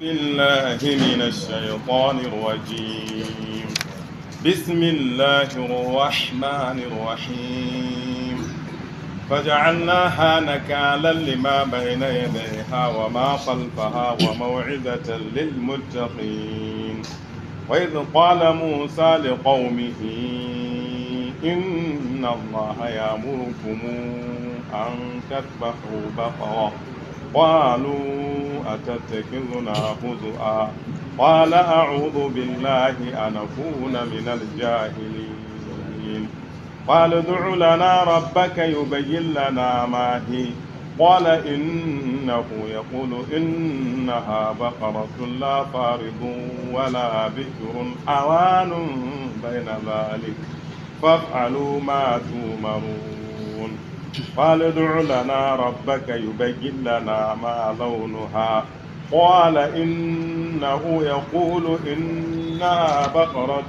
بالله من الشيطان الرجيم بسم الله الرحمن الرحيم فجعلناها نكالا لما بين يديها وما خلفها وموعظة للمتقين وإذ قال موسى لقومه إن الله يأمركم أن تذبحوا بقرة قالوا أتتخذنا هزؤا قال أعوذ بالله أن أكون من الجاهلين قال ادع لنا ربك يبين لنا ما هي قال إنه يقول إنها بقرة لا فارض ولا بكر أوان بين ذلك فافعلوا ما تؤمرون قال ادع لنا ربك يبين لنا ما لونها قال إنه يقول إنها بقرة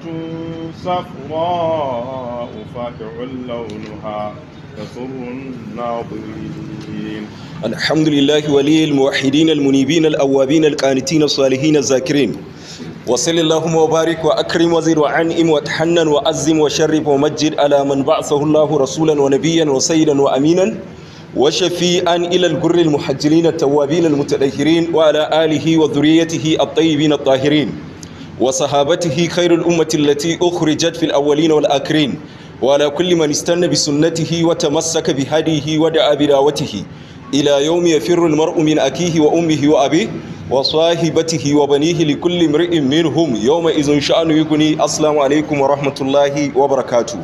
صفراء فاقع لونها تسر الناظرين الحمد لله ولي الموحدين المنيبين الأوابين القانتين الصالحين الذاكرين وصل اللهم وبارك وأكرم وزد وعنئم وتحنن وأزم وشرف ومجد على من بعثه الله رسولا ونبيا وسيدا وأمينا وشفيئا إلى الجر المحجلين التوابين المتدهرين وعلى آله وذريته الطيبين الطاهرين وصحابته خير الأمة التي أخرجت في الأولين والآخرين وعلى كل من استنى بسنته وتمسك بهديه ودعا بدعوته ila yawmi yafirru almar'u min akihi wa ummihi wa abi wa sahibatihi wa banihi li kulli imri'in minhum yawma idhin sha'nu yughni assalamu alaikum wa rahmatullahi wa barakatuh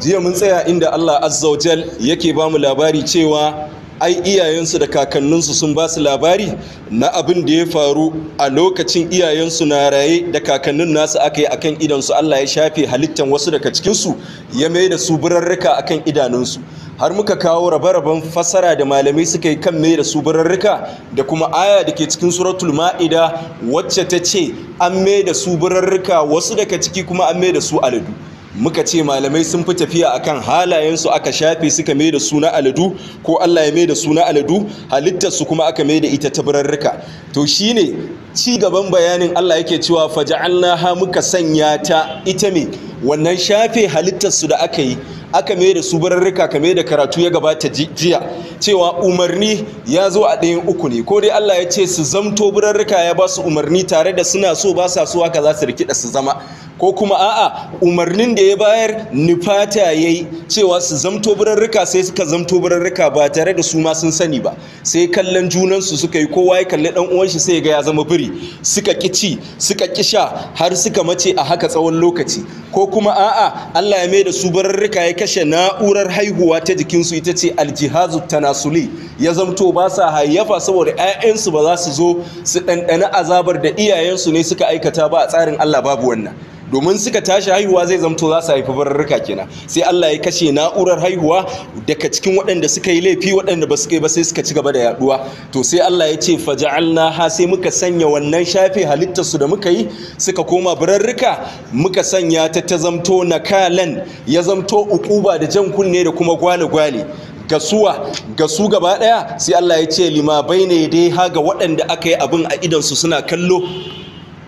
jiya mun tsaya inda Allah azza wa jal yake bamu labari cewa ai iyayensu da kakanninsu sun ba su labari na abin da ya faru a lokacin iyayensu na raye da kakannin nasu aka yi akan idansu Allah ya shafe halittan wasu daga cikinsu ya mai da su birarrika akan idanunsu har muka kawo rabe-raben fasara da malamai suka yi kan mai da su birarrika da kuma aya da ke cikin suratul ma'ida wacce ta ce an mai da su birarrika wasu daga ciki kuma an mai da su aladu muka ce malamai sun fi tafiya akan halayensu aka shafe suka mai da suna aladu ko Allah ya mai da suna aladu halittarsu kuma aka mai da ita tabararruka to shine ci gaban bayanin Allah yake cewa faja'alnaha muka sanya ta ita me wannan shafe halittarsu da aka yi aka mai da su bararruka kame da karatu ya gabata jiya cewa umarni ya zo a ɗayan uku ne ko dai Allah ya ce su zamto bararruka ya ba su umarni tare da suna so ba sa so haka za su rikida su zama ko kuma a'a umarnin da ya bayar nufata ya yi cewa su zamto birarrika sai suka zamto birarrika ba tare da su ma sun sani ba sai kallon junansu suka yi kowa ya kalli dan uwanshi sai ga ya zama biri suka kici suka kisha har suka mace a haka tsawon lokaci ko kuma a'a Allah ya mai da su birarrika ya kashe na'urar haihuwa ta jikinsu ita ce aljihazu tanasuli ya zamto ba sa hayyafa saboda 'ya'yansu ba za su zo su ɗanɗana azabar da iyayensu ne suka aikata ba a tsarin Allah babu wannan domin suka tashi haihuwa zai zamto za su haifi bararruka kenan sai Allah ya kashe na'urar haihuwa daga cikin waɗanda suka yi laifi waɗanda ba su kai ba sai suka ci gaba da yaduwa to sai Allah ya ce faja'alna ha sai muka sanya wannan shafe halittar su da muka yi suka koma bararruka muka sanya ta ta zamto nakalan ya zamto ukuba da jan kunne da kuma gwale gwale gasuwa gasu gaba daya sai Allah ya ce lima ne dai ha ga waɗanda aka yi abin a idan su suna kallo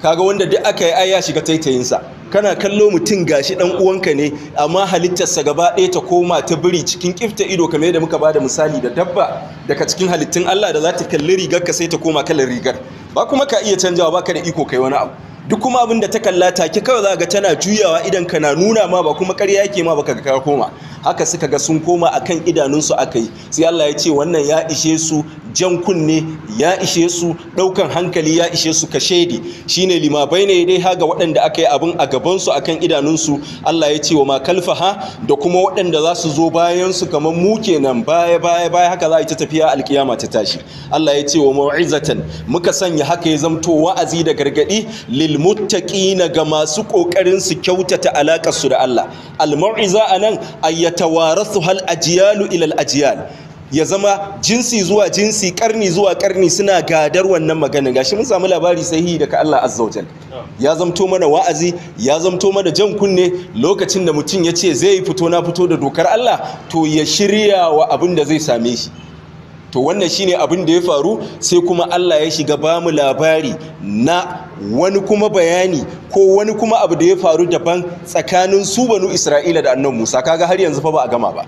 kaga wanda duk aka yi aya shiga taitayinsa kana kallo mutum gashi dan uwanka ne amma halittarsa gaba ɗaya ta koma ta biri cikin kifta ido kamar yadda muka bada misali da dabba daga cikin halittun Allah da za ta kalli rigar ka sai ta koma kalar rigar ba kuma ka iya canjawa ba ka da iko kai wani abu duk kuma abin da ta kalla ta take kawai za ga tana juyawa idan kana nuna ma ba kuma ƙarya yake ma baka ka koma haka suka ga sun koma akan idanunsu akai sai Allah ya ce wannan ya ishe su jan kunne ya ishe su daukan hankali ya ishe su Shi shine limabai ne dai haga waɗanda aka yi abin a gabansu su akan idanunsu Allah ya ce wa ma ha, da kuma waɗanda za su zo bayan su kamar mu kenan baya baya baya haka za a yi ta tafiya alkiyama ta tashi Allah ya ce wa mau'izatan muka sanya haka ya zamto wa'azi da gargadi lil muttaqina ga masu kokarin su kyautata alaƙar su da Allah al mau'iza anan ayyatawarathu hal ajyalu ila al ajyal ya zama jinsi zuwa jinsi karni zuwa karni suna gadar wannan maganin gashi mun samu labari sahihi daga Allah azza wajal ya zamto mana wa'azi ya zamto mana jan kunne lokacin da mutum ya ce zai fito na fito da dokar Allah to ya shirya wa abin da zai same shi to wannan shine abin da ya faru sai kuma Allah ya shiga ba mu labari na wani kuma bayani ko wani kuma abu da ya faru daban tsakanin su banu Isra'ila da annabi Musa kaga har yanzu fa ba a gama ba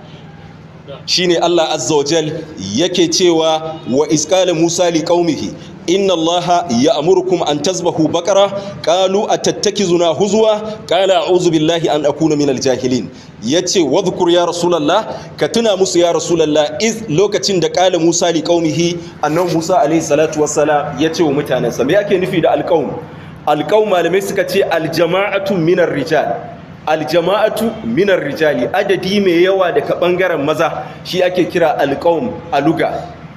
shine Allah azza wajal yake cewa wa isqala musa liqaumihi inna ya ya'murukum an tazbahu baqara qalu zuna huzwa qala a'udhu billahi an akuna minal jahilin yace wadhkur ya rasulullah ka tuna musu ya rasulullah iz lokacin da qala musa liqaumihi annabi musa alayhi salatu wassalam yace wa mutanansa me yake nufi da alqaum alqaum malamai suka ce aljama'atu minar rijal aljama'atu minar rijali adadi mai yawa daga bangaren maza shi ake kira alqaum aluga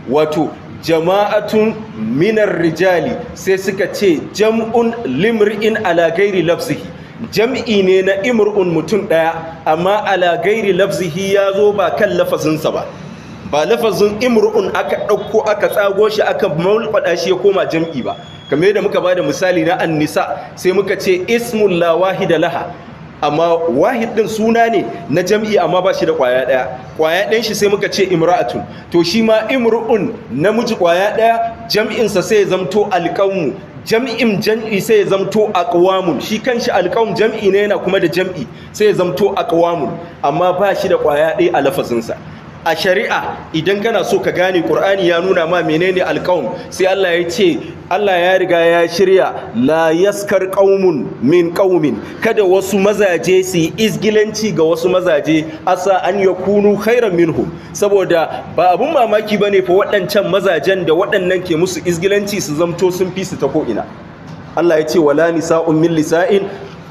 wato jama'atun minar rijali sai suka ce jam'un limri'in ala gairi lafzihi jam'i ne na Imru'un mutum ɗaya, amma ala gairi lafzihi ya zo ba kan lafazinsa ba ba lafazin Imru'un aka ɗauko aka tsago shi aka maulfaɗa shi ya koma jam'i ba kamar yadda muka ba da misali na annisa sai muka ce ismun lawahi da laha amma wahid din suna ne na jam'i amma ba shi da kwaya daya kwaya ɗayan shi sai muka ce imra'atun to shi ma imru'un namiji kwaya daya jam'insa sai ya zamto alqawmu jam'in jam'i sai ya zamto aqwamun shi kanshi alqawm jam'i ne yana kuma da jam'i sai ya zamto aqwamun amma ba shi da kwaya ɗaya a lafazinsa a shari'a idan kana so ka gane Qur'ani ya nuna ma menene alƙawun sai Allah ya ce Allah ya riga ya shirya la yaskar min ƙaumin kada wasu mazaje su yi izgilanci ga wasu mazaje asa an kunu khairan minhu. saboda ba abun mamaki ba ne fa waɗancan mazajen da waɗannan ke musu izgilanci su zamto sun fi su ta ko ina Allah ya ce wala nisa'un min lisa'in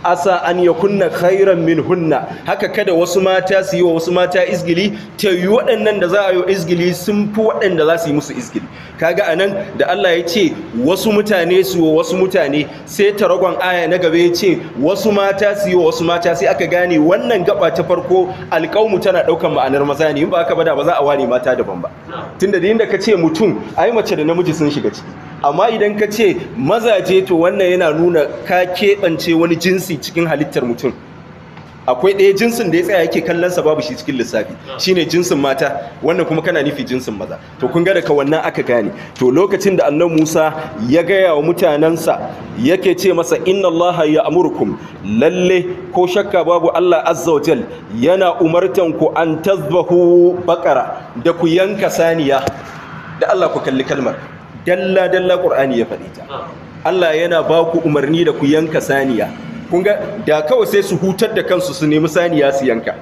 asa an ya kunna khairan hunna haka kada wasu mata su yi wa wasu mata izgili ta yi waɗannan da za a yi izgili sun fi waɗanda za su yi musu izgili kaga a nan da Allah ya ce wasu mutane su wa wasu mutane sai ta ragon aya na gaba ya ce wasu mata su yi wa wasu mata sai aka gane wannan gaba ta farko alƙawmu tana ɗaukar ma'anar maza ne in ba aka bada ba za a ware mata daban ba tunda da yin da ka ce mutum ai mace da namiji sun shiga ciki amma idan ka ce mazaje to wannan yana nuna ka keɓance wani jinsi cikin halittar mutum akwai ɗaya jinsin da ya tsaya yake kallon sa babu shi cikin lissafi shine jinsin mata wannan kuma kana nufi jinsin maza to kun ga daga wannan aka gane to lokacin da annabi Musa ya gaya wa mutanansa yake ce masa inna Allaha amurkum lalle ko shakka babu Allah azza wa jal yana umartan ku an tazbahu baqara da ku yanka saniya da Allah ku kalli kalmar dalla dalla qur'ani ya faɗi ta Allah yana ba ku umarni da ku yanka saniya kun da kawai sai su hutar da kansu su nemi saniya su yanka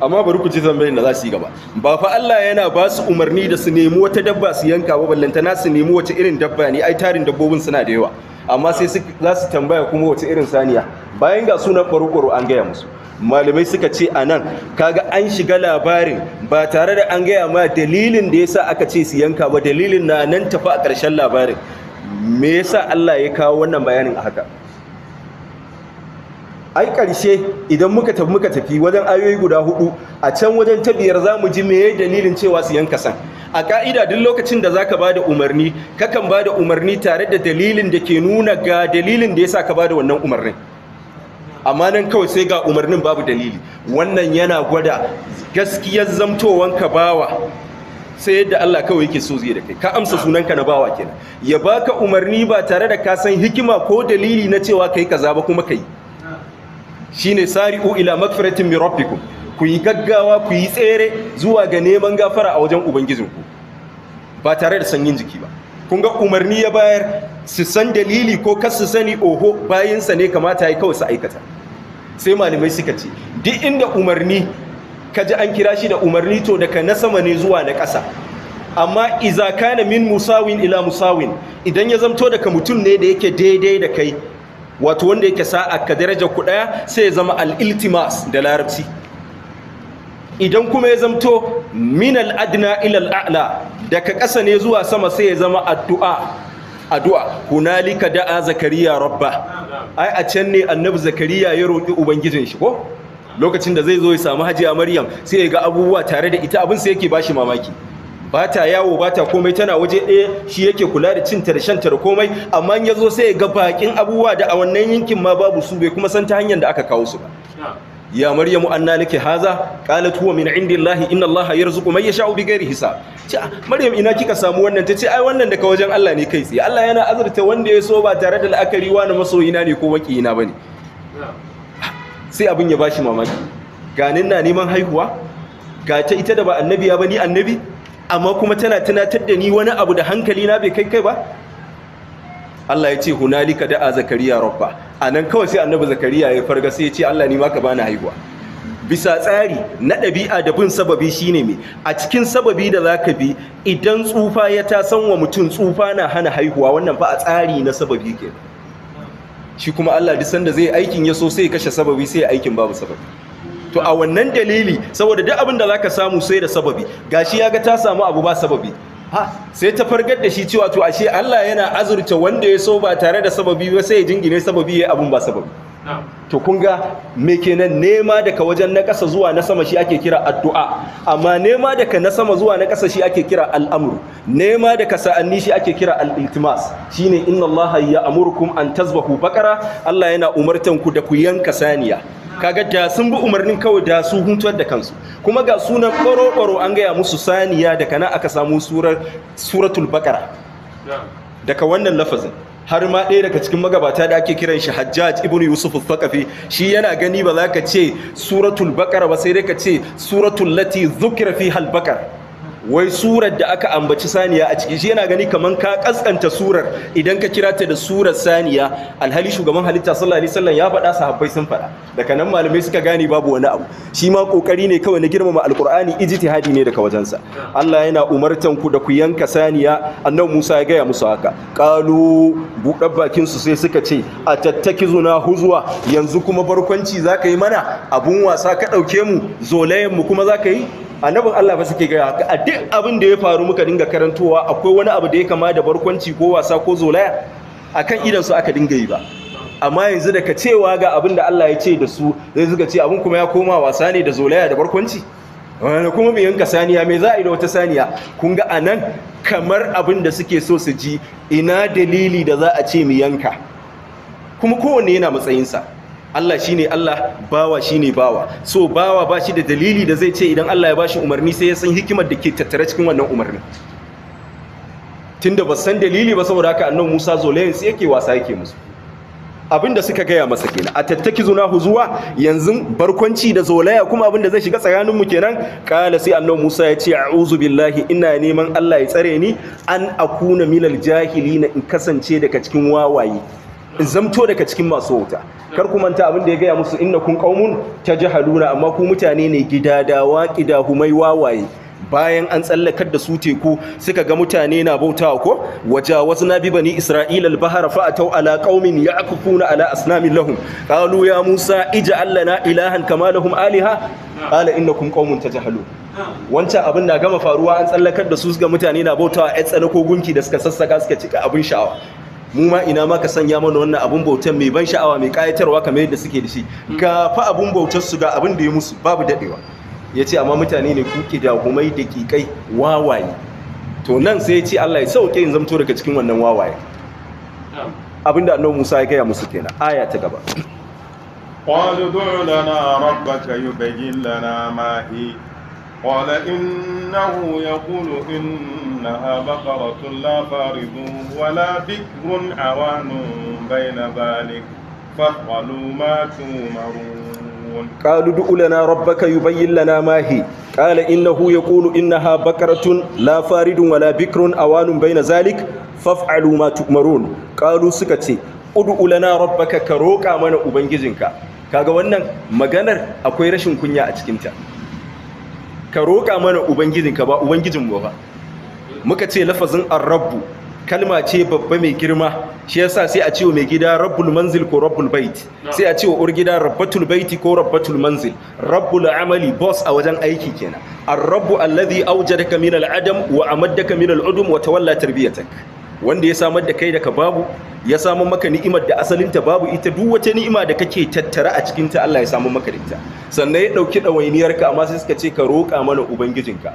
amma bari ku ji tambayin da za su yi gaba ba fa Allah yana ba su umarni da su nemi wata dabba su yanka ba na su nemi wace irin dabba ne ai tarin dabbobin suna da yawa amma sai za su tambaya kuma wace irin saniya bayan ga sunan ɓaruƙwaro an gaya musu malamai suka ce a nan kaga an shiga labarin ba tare da an gaya ma dalilin da yasa aka ce su yanka ba dalilin na nan tafi a ƙarshen labarin me yasa Allah ya kawo wannan bayanin a haka ai ƙarshe idan muka tafi muka tafi wajen ayoyi guda hudu a can wajen ta biyar za mu ji meye dalilin cewa su yanka san a ka'ida duk lokacin da zaka bada umarni kakan bada umarni tare da dalilin da ke nuna ga dalilin da yasa ka bada wannan umarnin amma nan kawai sai ga umarnin babu dalili wannan yana gwada gaskiyar zamtowanka bawa sai yadda Allah kawai yake so zai da kai ka amsa sunanka na bawa kenan ya baka umarni ba tare da ka san hikima ko dalili na cewa kai kaza ba kuma kai shine sari'u ila magfiratin min rabbikum ku yi gaggawa ku yi tsere zuwa ga neman gafara a wajen ubangijinku ba tare da sanyin jiki ba kun ga umarni ya bayar su san dalili ko kas su sani oho bayinsa ne kamata ya kawai su aikata sai malamai suka ce duk inda umarni ka ji an kira shi da umarni to daga na sama ne zuwa na ƙasa amma iza kana min musawin ila musawin idan ya zamto daga mutum ne da yake daidai da kai wato wanda yake sa'a ka daraja ku ɗaya sai ya zama al'iltimas da larabci idan kuma ya zamto minal adna ilal a'la daga ƙasa ne zuwa sama sai ya zama addu'a addu'a hunalika da'a zakariya rabba ai a can ne annabi zakariya ya roƙi ubangijin shi ko lokacin da zai zo ya samu hajiya maryam sai ya ga abubuwa tare da ita abin sai yake bashi mamaki ba ta yawo ba ta komai tana waje ɗaya shi yake kula da cinta da shanta da komai amma ya zo sai ya ga bakin abubuwa da a wannan yankin ma babu su bai kuma san ta hanyar da aka kawo su ba ya maryamu anna laki haza qalat huwa min indillahi inna allaha yarzuqu man yasha'u bighairi hisab ce ah, maryam ina kika samu wannan tace ai wannan daga wajen Allah ne kai tsaye Allah yana azurta wanda ya so ba tare da la'akari wani masoyina ne ko makiyina bane sai abin ya bashi mamaki ganin na neman haihuwa ga ta ita da ba annabiya bane annabi amma kuma tana tunatar da ni wani abu da hankali na bai kai kai ba Allah ya ce hunalika da'a zakariya rabba nan kawai sai annabi zakariya ya farga sai ya ce Allah ni ma ka bani haihuwa bisa tsari na ɗabi'a da bin sababi shine me a cikin sababi da zaka bi idan tsufa ya ta san wa mutum tsufa na hana haihuwa wannan fa a tsari na sababi ke shi kuma Allah duk sanda zai aikin ya so sai kashe sababi sai aikin babu sababi to a wannan dalili saboda duk abin da zaka samu sai da sababi gashi ya ga ta samu abu ba sababi sai ta fargar da shi cewa to ashe Allah yana azurta wanda ya so ba tare da sababi ba sai ya jingine sababi ya abun ba sababi to kun ga me kenan nema daga wajen na ƙasa zuwa na sama shi ake kira addu'a amma nema daga na sama zuwa na ƙasa shi ake kira al'amru nema daga sa'anni shi ake kira al'iltimas shine inna Allah ya amurkum an tazbahu bakara Allah yana ku da ku yanka saniya kaga da sun bi umarnin kawai da su huntuwar da kansu kuma ga sunan ɓaro-ɓaro an gaya musu saniya da kana aka samu suratul bakara daga wannan lafazin har ma ɗaya daga cikin magabata da ake kiran shi hajjaj ibn yusuf al shi yana gani ba za ka ce suratul bakara ba sai dai ka ce suratul lati zukira fi wai surar da aka ambaci saniya a ciki shi yana gani kamar ka kaskanta surar idan ka kira ta da surar saniya alhali shugaban halitta sallallahu alaihi wasallam ya faɗa sahabbai sun faɗa daga nan malamai suka gane babu wani abu shi ma kokari ne kawai na girmama alqur'ani ijtihadi ne daga wajensa Allah yana umartan ku da ku yanka saniya annabi Musa ya gaya musu haka qalu buɗe bakin su sai suka ce atattakizuna huzwa yanzu kuma barkwanci zaka yi mana abun wasa ka dauke mu zolayen mu kuma zaka yi annabin Allah ba suke gaya a duk abin da ya faru muka dinga karantowa akwai wani abu da ya kama da barkwanci ko wasa ko zolaya akan kan su aka dinga yi ba amma yanzu daga cewa ga abin da Allah ya ce da su zai zuka ce abin kuma ya koma wasa ne da zolaya da barkwanci wani kuma mai yanka saniya mai za a yi da wata saniya kun ga a nan kamar abin da suke so su ji ina dalili da za a ce mai yanka kuma kowanne yana matsayinsa Allah shi ne Allah bawa shi ne bawa so bawa ba shi da dalili da zai ce idan Allah ya ba bashi umarni sai ya san hikimar da ke tattare cikin wannan umarni tunda ba san dalili ba saboda haka annan Musa zolayen sai yake wasa yake musu abinda suka gaya masa kenan a tattaki zuna huzuwa yanzu barkwanci da zolaya kuma abinda zai shiga tsakanin mu kenan kala sai annabi Musa ya ce a'udhu billahi ina neman Allah ya tsare ni an akuna milal jahilina in kasance daga cikin wawaye in zamto daga cikin masu wuta kar ku manta abin da ya gaya musu innakum qaumun tajhaluna amma ku mutane ne gida gidadawa humai wawaye bayan an tsallakar da su teku suka ga mutane na bautawa ko waja wasu nabi bani isra'ila al-bahara fa atau ala qaumin ya'kufuna ala asnamin lahum qalu ya musa ij'al lana ilahan kama lahum aliha qala innakum qaumun tajhalun wancan abin na gama faruwa an tsallakar da su ga mutane na bautawa ai tsana ko gunki da suka sassaka suka cika abin sha'awa mu ma ina maka sanya mana wannan abun bautan mai ban sha'awa mai kayatarwa kamar yadda suke da shi mm. ga fa abun bautar su ga abin da ya musu babu dadewa yace amma mutane ne kuke da gumai da kikai wawaye to nan sai yace Allah ya sauke in zamto daga cikin wannan wawaye abinda annabi Musa ya gaya musu kenan aya ta gaba قالوا du'u lana rabbaka yubayyin lana ma hi قال إنه يقول إنها بقرة لا فارض ولا بكر عوان بين ذلك فافعلوا ما تؤمرون قالوا ادع لنا ربك يبين لنا ما هي قال إنه يقول إنها بقرة لا فارض ولا بكر عوان بين ذلك فافعلوا ما تؤمرون قالوا سكتي ce لنا ربك كروكا من roka mana ubangijinka kaga wannan maganar akwai rashin kunya a cikin ka roƙa mana ubangijin ka ba ubangijin ba muka ce lafazin arrabu kalma ce babba mai girma shi yasa sai a cewa mai gida rabbul manzil ko rabbul bait sai a cewa ur gida rabbatul baiti ko rabbatul manzil rabbul amali boss a wajen aiki kenan arrabu alladhi awjadaka min al'adam wa amaddaka min al'udum wa tawalla tarbiyatak wanda ya samar da kai daga babu ya samu maka ni'imar da asalinta babu ita duk wata ni'ima da kake tattara a cikin ta Allah ya samu maka ita sannan ya dauki ka amma sai suka ce ka roƙa mana ubangijinka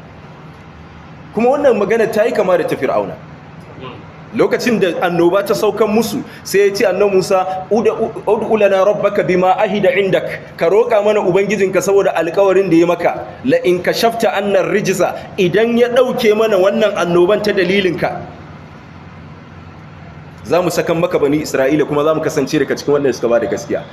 kuma wannan magana ta yi kama da ta fir'auna lokacin da annoba ta saukan musu sai ya ce annabi Musa ud'u lana rabbaka bima ahida indak ka roƙa mana ubangijinka saboda alƙawarin da ya maka la in kashafta annar rijza idan ya dauke mana wannan annoban ta dalilinka za mu sakan maka bani isra'ila kuma za mu kasance daga cikin wannan suka ba da gaskiya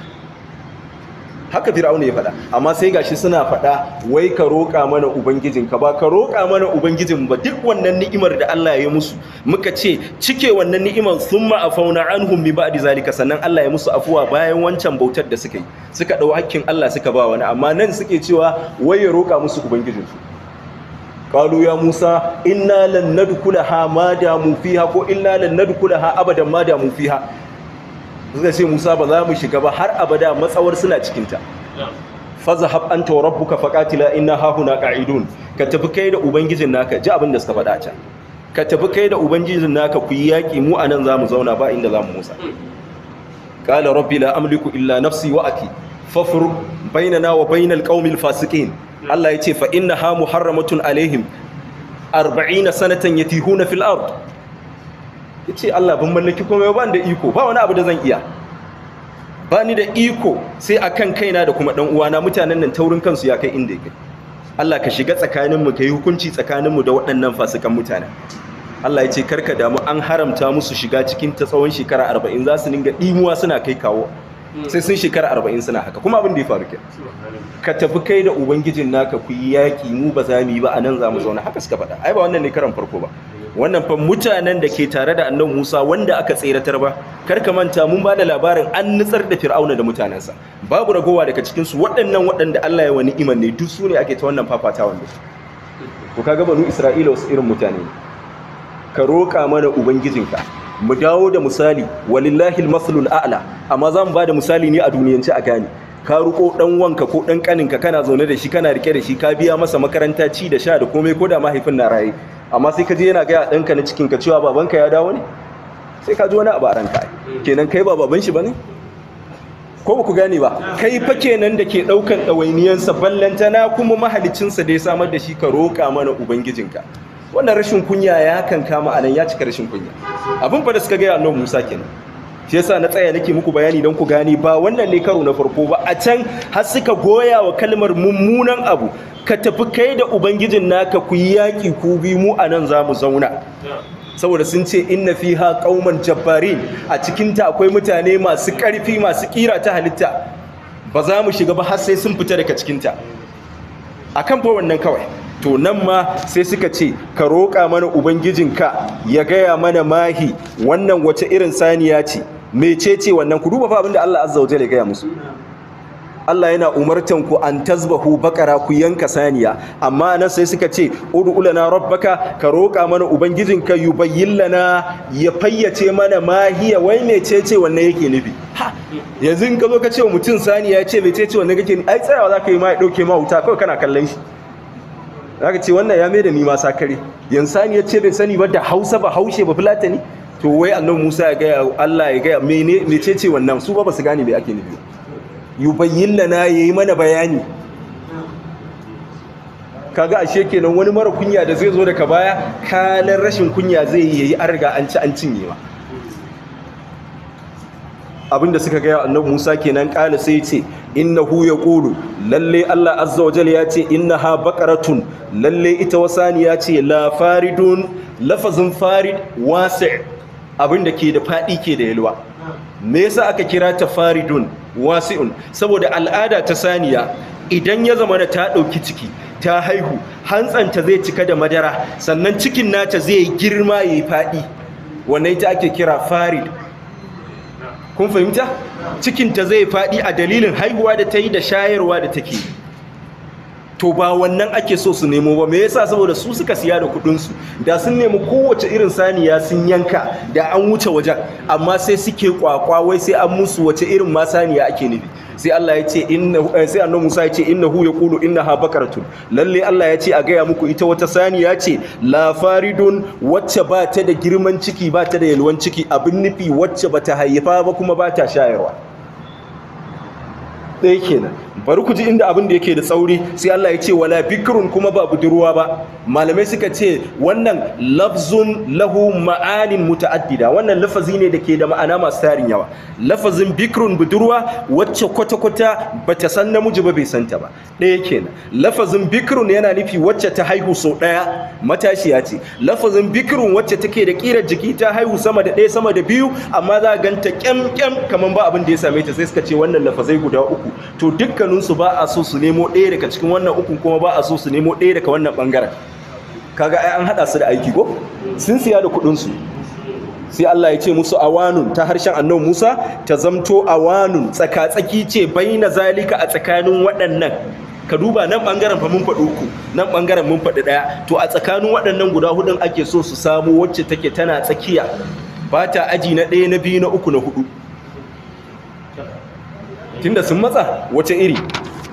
haka fir'aunu ya faɗa amma sai gashi suna faɗa wai ka roƙa mana ubangijin ka ba ka roƙa mana ubangijin ba duk wannan ni'imar da Allah ya musu muka ce cike wannan ni'imar thumma afauna anhum bi ba'di zalika sannan Allah ya musu afuwa bayan wancan bautar da suka yi suka dau hakkin Allah suka ba wani amma nan suke cewa wai ya roƙa musu ubangijin su qalu ya musa inna kula ha ma damu fiha ko inna kula ha abadan ma damu fiha suka ce musa ba za mu shiga ba har abada matsawar suna cikinta fazahab anta wa rabbuka faqatila inna hahuna ƙa'idun. ka tafi kai da ubangijin naka ji abin da suka faɗa ka tafi kai da ubangijin naka ku yi yaƙi mu anan zamu zauna ba inda zamu musa Kala rabbi la amliku illa nafsi wa aki baina bainana wa bainal qaumil fasiqin Allah ya ce fa ha muharramatun alaihim 40 sanatan yatihuna fil ard yace Allah ban mallaki komai ba da iko ba wani abu da zan iya ba ni da iko sai akan kaina da kuma dan uwana mutanen nan taurin kansu ya kai inda yake Allah ka shiga tsakaninmu ka yi hukunci tsakanin mu da waɗannan fasikan mutane. Allah ya ce karka damu an haramta musu shiga cikin ta tsawon shekara 40 za su dinga dimuwa suna kai kawo sai sun shekara arba'in suna haka kuma abin da ya faru ke ka tafi kai da ubangijin naka ku yi yaƙi mu ba za mu yi ba a nan za mu zauna haka suka faɗa ai ba wannan ne karan farko ba wannan fa mutanen da ke tare da annan musa wanda aka tseratar ba kar ka manta mun ba da labarin an nutsar da fir'auna da mutanansa babu ragowa daga cikin su waɗannan waɗanda allah ya wani iman ne duk su ne ake ta wannan fafata wanda ku kaga banu isra'ila wasu irin mutane ka roƙa mana ubangijinka mu dawo da misali walillahi almaslul a'la amma zan ba da misali ne a duniyance a gane ka ruko dan wanka ko dan kaninka kana zaune da shi kana rike da shi ka biya masa makaranta ci da sha da komai ko da mahaifin na raye amma sai ka je yana gaya danka na cikin ka cewa babanka ya dawo ne sai ka ji wani abu a ranka kenan kai ba baban shi bane ko ba ku gane ba kai fa kenan da ke daukan dawainiyansa ballantana kuma mahalicinsa da ya samar da shi ka roƙa mana ubangijinka wannan rashin kunya ya kan kama anan ya cika rashin kunya abin fa da suka gaya annabi Musa kenan shi yasa na tsaya nake muku bayani don ku gani ba wannan ne karo na farko ba a can har suka goya wa kalmar mummunan abu ka tafi kai da ubangijin naka ku yi yaƙi ku bi mu anan nan za mu zauna saboda sun ce inna fiha qauman jabbarin a cikinta akwai mutane masu ƙarfi masu ƙira ta halitta ba za mu shiga ba har sai sun fita daga cikinta akan fa wannan kawai to nan ma sai suka ce ka roƙa mana ubangijinka ya gaya mana mahi wannan wace irin saniya ce mecece wannan ku duba fa abinda Allah azza wa jalla ya gaya musu Allah yana umartan ku an tazbahu bakara ku yanka saniya amma nan sai suka ce ud'ulana rabbaka ka roƙa mana ubangijinka yubayyin lana ya fayyace mana mahiya wai mecece wannan yake nufi yanzu in ka zo ka ce wa mutum saniya ya ce mecece wannan kake ai tsayawa za ka yi ma ya dauke ma wuta kawai kana kallon shi zaka ce wannan ya mai da ni ma sakare yansani ya ce bai sani ba da hausa ba haushe ba fulatani to wai annabi Musa ya gaya Allah ya gaya mene ce wannan su ba ba su gane me ake nufi yubayyin lana yayi mana bayani kaga ashe kenan wani mara kunya da zai zo daga baya kalan rashin kunya zai yi yayi an riga an ci an cinye ma abinda suka gaya annabi Musa kenan kala sai ce innahu Kulu, lalle Allah azza wa jalla yace ha baqaratun lalle ita wasani ce la faridun lafazin farid wasi' abinda ke da faɗi ke da yalwa me yasa aka kira ta faridun wasi'un saboda al'ada ta saniya idan ya zama da ta ɗauki ciki ta haihu hantsanta zai cika da madara sannan cikin nata zai girma yayi faɗi, wannan ita ake kira farid kun fahimta cikinta zai faɗi a dalilin haihuwa da ta yi da shayarwa da take to ba wannan ake so su nemo ba me yasa saboda su suka siya da su da sun nemi kowace irin saniya sun yanka da an wuce wajen amma sai suke kwakwa wai sai an musu wace irin ma saniya ake nufi sai Allah ya ce inna eh, sai annabi Musa ya ce innahu yaqulu innaha baqaratun lalle Allah ya ce a gaya muku ita wata saniya ce la faridun wacce ba ta da girman ciki ba ta da yalwan ciki abin nufi wacce ba ta haifa ba kuma ba ta shayarwa ɗaya kenan bari ku ji inda abin da yake da tsauri sai Allah ya ce wala bikrun kuma ba budurwa ba malamai suka ce wannan lafzun lahu ma'anin muta'addida wannan lafazi ne da ke da ma'ana masu tarin yawa lafazin bikrun budurwa wacce kwata-kwata ba ta san namiji ba bai santa ba ɗaya kenan lafazin bikrun yana nufi wacce ta haihu sau ɗaya matashiya ce lafazin bikrun wacce take da ƙirar jiki ta haihu sama da ɗaya sama da biyu amma za a ganta ƙyam-ƙyam kamar ba abin da ya same ta sai suka ce wannan lafazai guda uku to dukkaninsu ba a so su nemo ɗaya daga cikin wannan ukun kuma ba a so su nemo ɗaya daga wannan ɓangaren kaga ai an haɗa su da aiki ko sun siya da kuɗinsu sai Allah ya ce musu awanun ta harshen annabi Musa ta zamto awanun tsaka-tsaki ce baina zalika a tsakanin waɗannan ka duba nan bangaren fa mun faɗi uku nan bangaren mun faɗi ɗaya to a tsakanin waɗannan guda hudun ake so su samu wacce take tana tsakiya ba ta aji na ɗaya na biyu na uku na hudu tunda sun matsa wace iri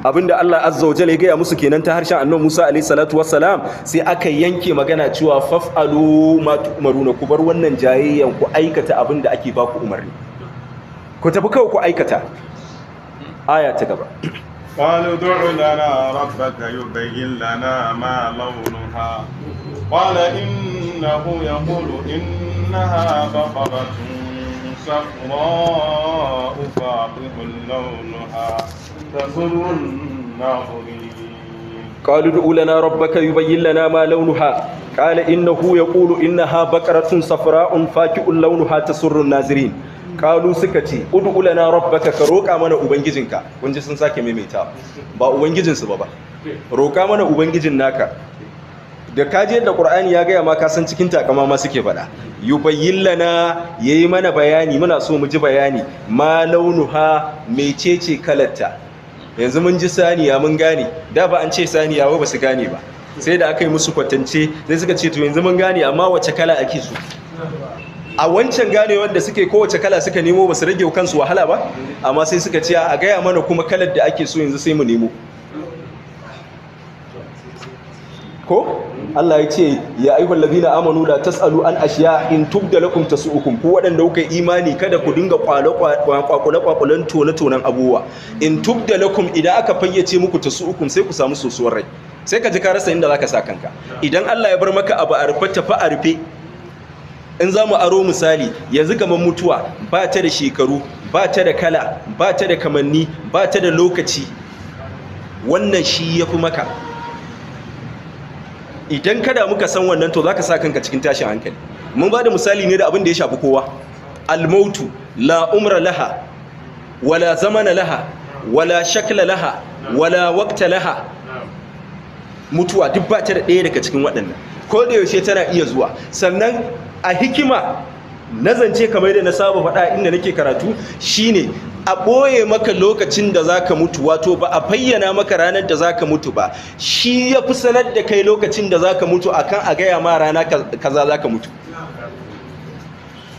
abinda Allah azza wa jalla ya gaya musu kenan ta harshen Annabi Musa alayhi salatu wassalam sai aka yanke magana cewa faf'alu ma tu'maruna ku bar wannan jayayyan ku aikata abinda ake ba ku umarni ku tafi kawai ku aikata aya ta gaba qalu du'u lana rabbaka yubayyin lana ma lawnuha qala innahu yaqulu innaha baqaratun صفراء فاقع لونها تسر الناظرين قالوا ادع لنا ربك يبين لنا ما لونها قال إنه يقول إنها بقرة صفراء فاقع لونها تسر الناظرين kalu suka ce udu lana rabbaka ka roƙa mana ubangijinka kun ji sun sake maimaita ba ubangijinsu ba ba roƙa mana ubangijin naka da kaji yadda qur'ani ya gaya ma ka san cikin takama ma suke faɗa bayin lana ya yi mana bayani muna so mu ji bayani ma launu launuha mecece kalarta yanzu mun ji saniya mun gane da ba an ce saniya ba su gane ba sai da aka yi musu kwatance sai suka ce to yanzu mun gane amma wace kala ake so a wancan gane wanda suke kowace kala suka nemo ba su rage kansu wahala ba amma sai suka ce a gaya mana kuma kalar da ake so yanzu sai mu nemo ko Allah ya ce ya ayyuhal ladina amanu la tasalu an ashiya in tubda lakum tasu'ukum ku wadanda kuka imani kada ku dinga kwale kwakule kwakulen tone tonen abuwa in tubda lakum idan aka fayyace muku tasu'ukum sai ku samu sosuwar rai sai ka ji ka rasa inda zaka sa kanka idan Allah ya bar maka abu a rufe tafi a rufe in za mu aro misali yanzu kamar mutuwa ba ta da shekaru ba ta da kala ba ta da kamanni ba ta da lokaci wannan shi ya fi maka idan kada muka san wannan to za ka sa kanka cikin tashin hankali mun bada misali ne da abin da ya shafi kowa almautu la umra laha wala zamana laha wala shakla laha wala waqta laha mutuwa duk ba ta da ɗaya daga cikin waɗannan ko da yaushe tana iya zuwa sannan a hikima na zance kamar yadda na saba faɗa inda nake karatu shine a ɓoye maka lokacin da za ka mutu wato ba a fayyana maka ranar da za ka mutu ba shi ya fi sanar da kai lokacin da za ka mutu akan a gaya ma rana kaza za ka mutu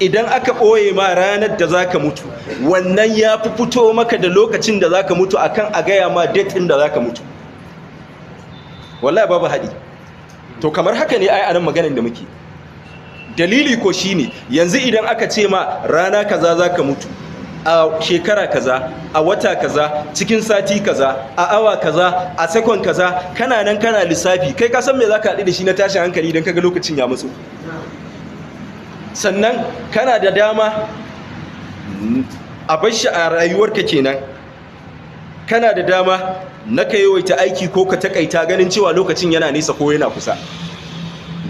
idan aka ɓoye ma ranar da za ka mutu wannan ya fi fito maka da lokacin da za ka mutu akan a gaya ma datin da za ka mutu wallahi babu haɗi to kamar haka ne ai anan maganin da muke dalili ko shine yanzu idan aka ce ma rana kaza zaka mutu a shekara kaza a wata kaza cikin sati kaza a awa kaza a sakon kaza kana nan kana lissafi kai ka san me zaka haɗu da shi na tashin hankali idan kaga lokacin ya musu sannan kana da dama a bar shi a rayuwarka kenan kana da dama na ka yawaita aiki ko ka takaita ganin cewa lokacin yana nesa ko yana kusa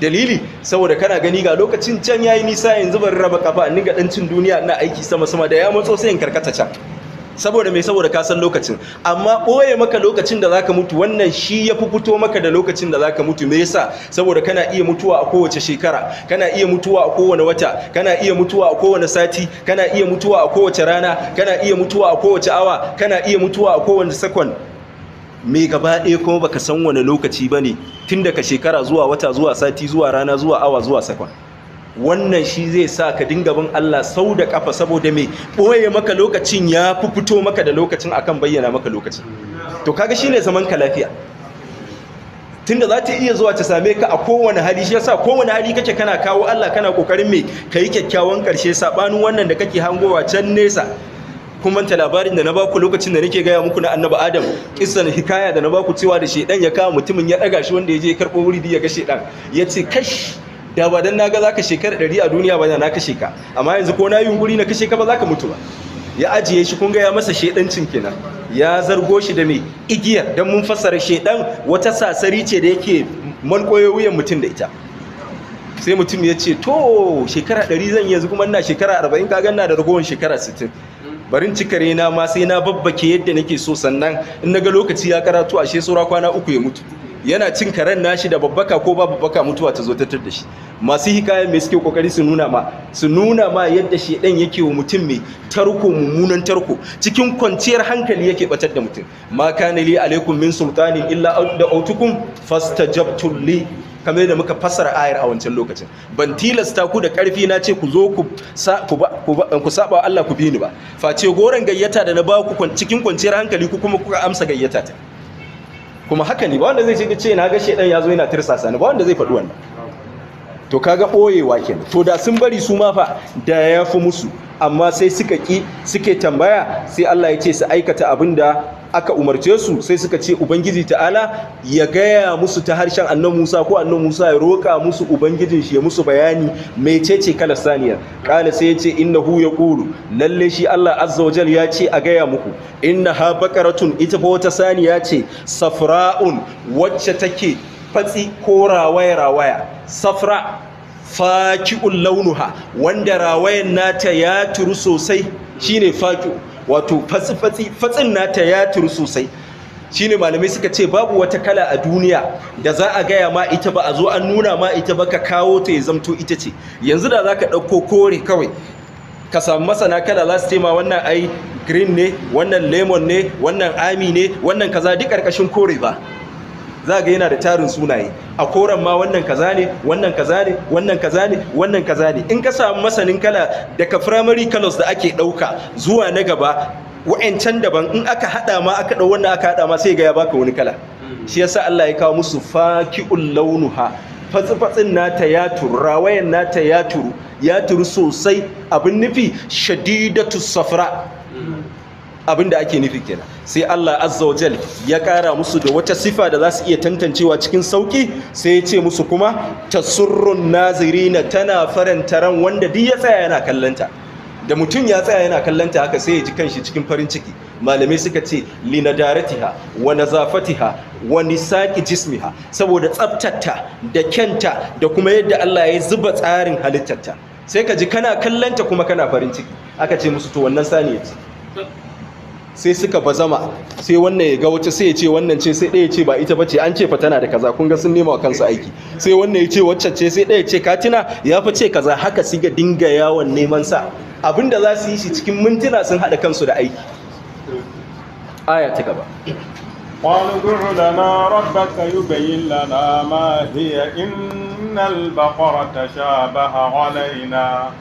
dalili saboda kana gani ga lokacin can yayi nisa yanzu bari raba kafa ni ga dancin duniya ina aiki sama sama da ya matso sai in karkata can saboda mai saboda ka san lokacin amma boye maka lokacin da zaka mutu wannan shi ya fi fito maka da lokacin da zaka mutu me yasa saboda kana iya mutuwa a kowace shekara kana iya mutuwa a kowane wata kana iya mutuwa a kowane sati kana iya mutuwa a kowace rana kana iya mutuwa a kowace awa kana iya mutuwa a kowane sakon Me gaba ɗaya kuma baka san wani lokaci ba ne tun daga shekara zuwa wata zuwa sati zuwa rana zuwa awa zuwa sakon wannan shi zai sa ka dinga bin Allah sau da ƙafa saboda mai ɓoye maka lokacin ya fi fito maka da lokacin akan bayyana maka lokacin to kaga shi ne zaman ka lafiya Tun da za ta iya zuwa ta same ka a kowane hali shi yasa kowane hali kake kana kawo Allah kana kokarin mai ka yi kyakkyawan ƙarshe sabanin wannan da kake hangowa can nesa kun manta labarin da na baku lokacin da nake gaya muku na annabi adam kissan hikaya da na baku cewa da shedan ya kama mutumin ya daga shi wanda ya je karbo wuri ya ga shedan ya ce kash da ba dan naga zaka shekara 100 a duniya ba na kashe ka amma yanzu ko na yi wuri na kashe ka ba zaka mutu ba ya ajiye shi kun ga ya masa shedancin kenan ya zargo shi da mai igiya dan mun fassara shedan wata sasari ce da yake malkoyo wuyan mutum da ita sai mutum ya ce to shekara 100 zan yanzu kuma ina shekara 40 ka ganna da ragowar shekara 60 barin cikare na ma sai na babbake yadda nake so sannan in naga lokaci ya karatu ashe saura kwana uku ya mutu yana cin karen nashi da babbaka ko ba babbaka mutuwa ta zo ta da shi masu hikaya mai suke kokari su nuna ma su nuna ma yadda dan yake wa mutum mai tarko mummunan tarko cikin kwanciyar hankali yake batar da mutum ma kana li alaikum min sultanin illa da autukum fastajabtu li kamar yadda muka fassara ayar a wancan lokacin ban tilasta ku da karfi na ce ku zo ku saba Allah ku bi ni ba face goren gayyata da na ba ku cikin kwanciyar hankali ku kuma kuka amsa gayyata ta kuma haka ne ba wanda zai ce na ga shedan ya zo yana tirsasa ni ba wanda zai faɗi wannan to kaga boyewa kenan to da sun bari su ma fa da yafi musu amma sai suka ki suke tambaya sai Allah ya ce su aikata da. aka umarce su sai suka ce ubangiji ta'ala ya gaya musu ta harshen annan musa ko annan musa ya roƙa musu ubangijin shi ya musu bayani cece kalar saniyar ƙala sai ya ce inna hu ya ƙuru lalle shi allah Azza azzawajal ya ce a gaya muku inna ha bakaratun ita fa wata saniya ce safra'un wacce take fatsi ko rawaya rawaya safra faki'un launuha wanda rawayan nata ya turu sosai shine faki'u wato fatsi-fatsi fatsin nata ya turu sosai shine malamai suka ce babu wata kala a duniya da za a gaya ma ita ba a zo an nuna ma ita ba ka kawo ta ya zamto ita ce yanzu da za ka ɗauko kore kawai ka samu masana kala za su tema wannan ai green ne wannan lemon ne wannan ami ne wannan kaza duk ƙarƙashin kore ba za ga yana da tarin sunaye a koren ma wannan kaza ne wannan kaza ne wannan kaza ne wannan kaza ne in ka samu masanin kala daga primary colors da ake ɗauka zuwa na gaba wa'ancan daban in aka haɗa ma aka ɗau wannan aka haɗa ma sai ga ya baka wani kala shi yasa Allah ya kawo musu faki'un launuha fatsi-fatsin nata ya turu rawayan nata ya turu ya turu sosai abin nufi shadidatu safra Abin da ake nufi kenan sai Allah azza wajal ya kara musu da wata sifa da za su iya tantancewa cikin sauki sai ya ce musu kuma tasurrun nazirina tana faranta ran wanda duk ya tsaya yana kallanta da mutum ya tsaya yana kallanta haka sai ya ji kanshi cikin farin ciki malamai suka ce linadaratiha wa nazafatiha wa nisaqi jismiha saboda tsaftarta da kyanta da kuma yadda Allah ya zuba tsarin halittarta sai ka ji kana kallanta kuma kana farin ciki aka ce musu to wannan ya ce sai suka zama sai wannan ya ga wata sai ya ce wannan ce sai ɗaya ce ba ita bace an ce fa tana da kaza kun ga sun nema wa kansu aiki sai wannan ya ce wacce ce sai ɗaya ce katina ya fa ce kaza haka su ga dinga yawon neman sa abinda za su yi shi cikin mintuna sun haɗa kansu da aiki aya ta gaba قالوا ادع لنا ربك يبين لنا ما هي إن البقرة تشابه علينا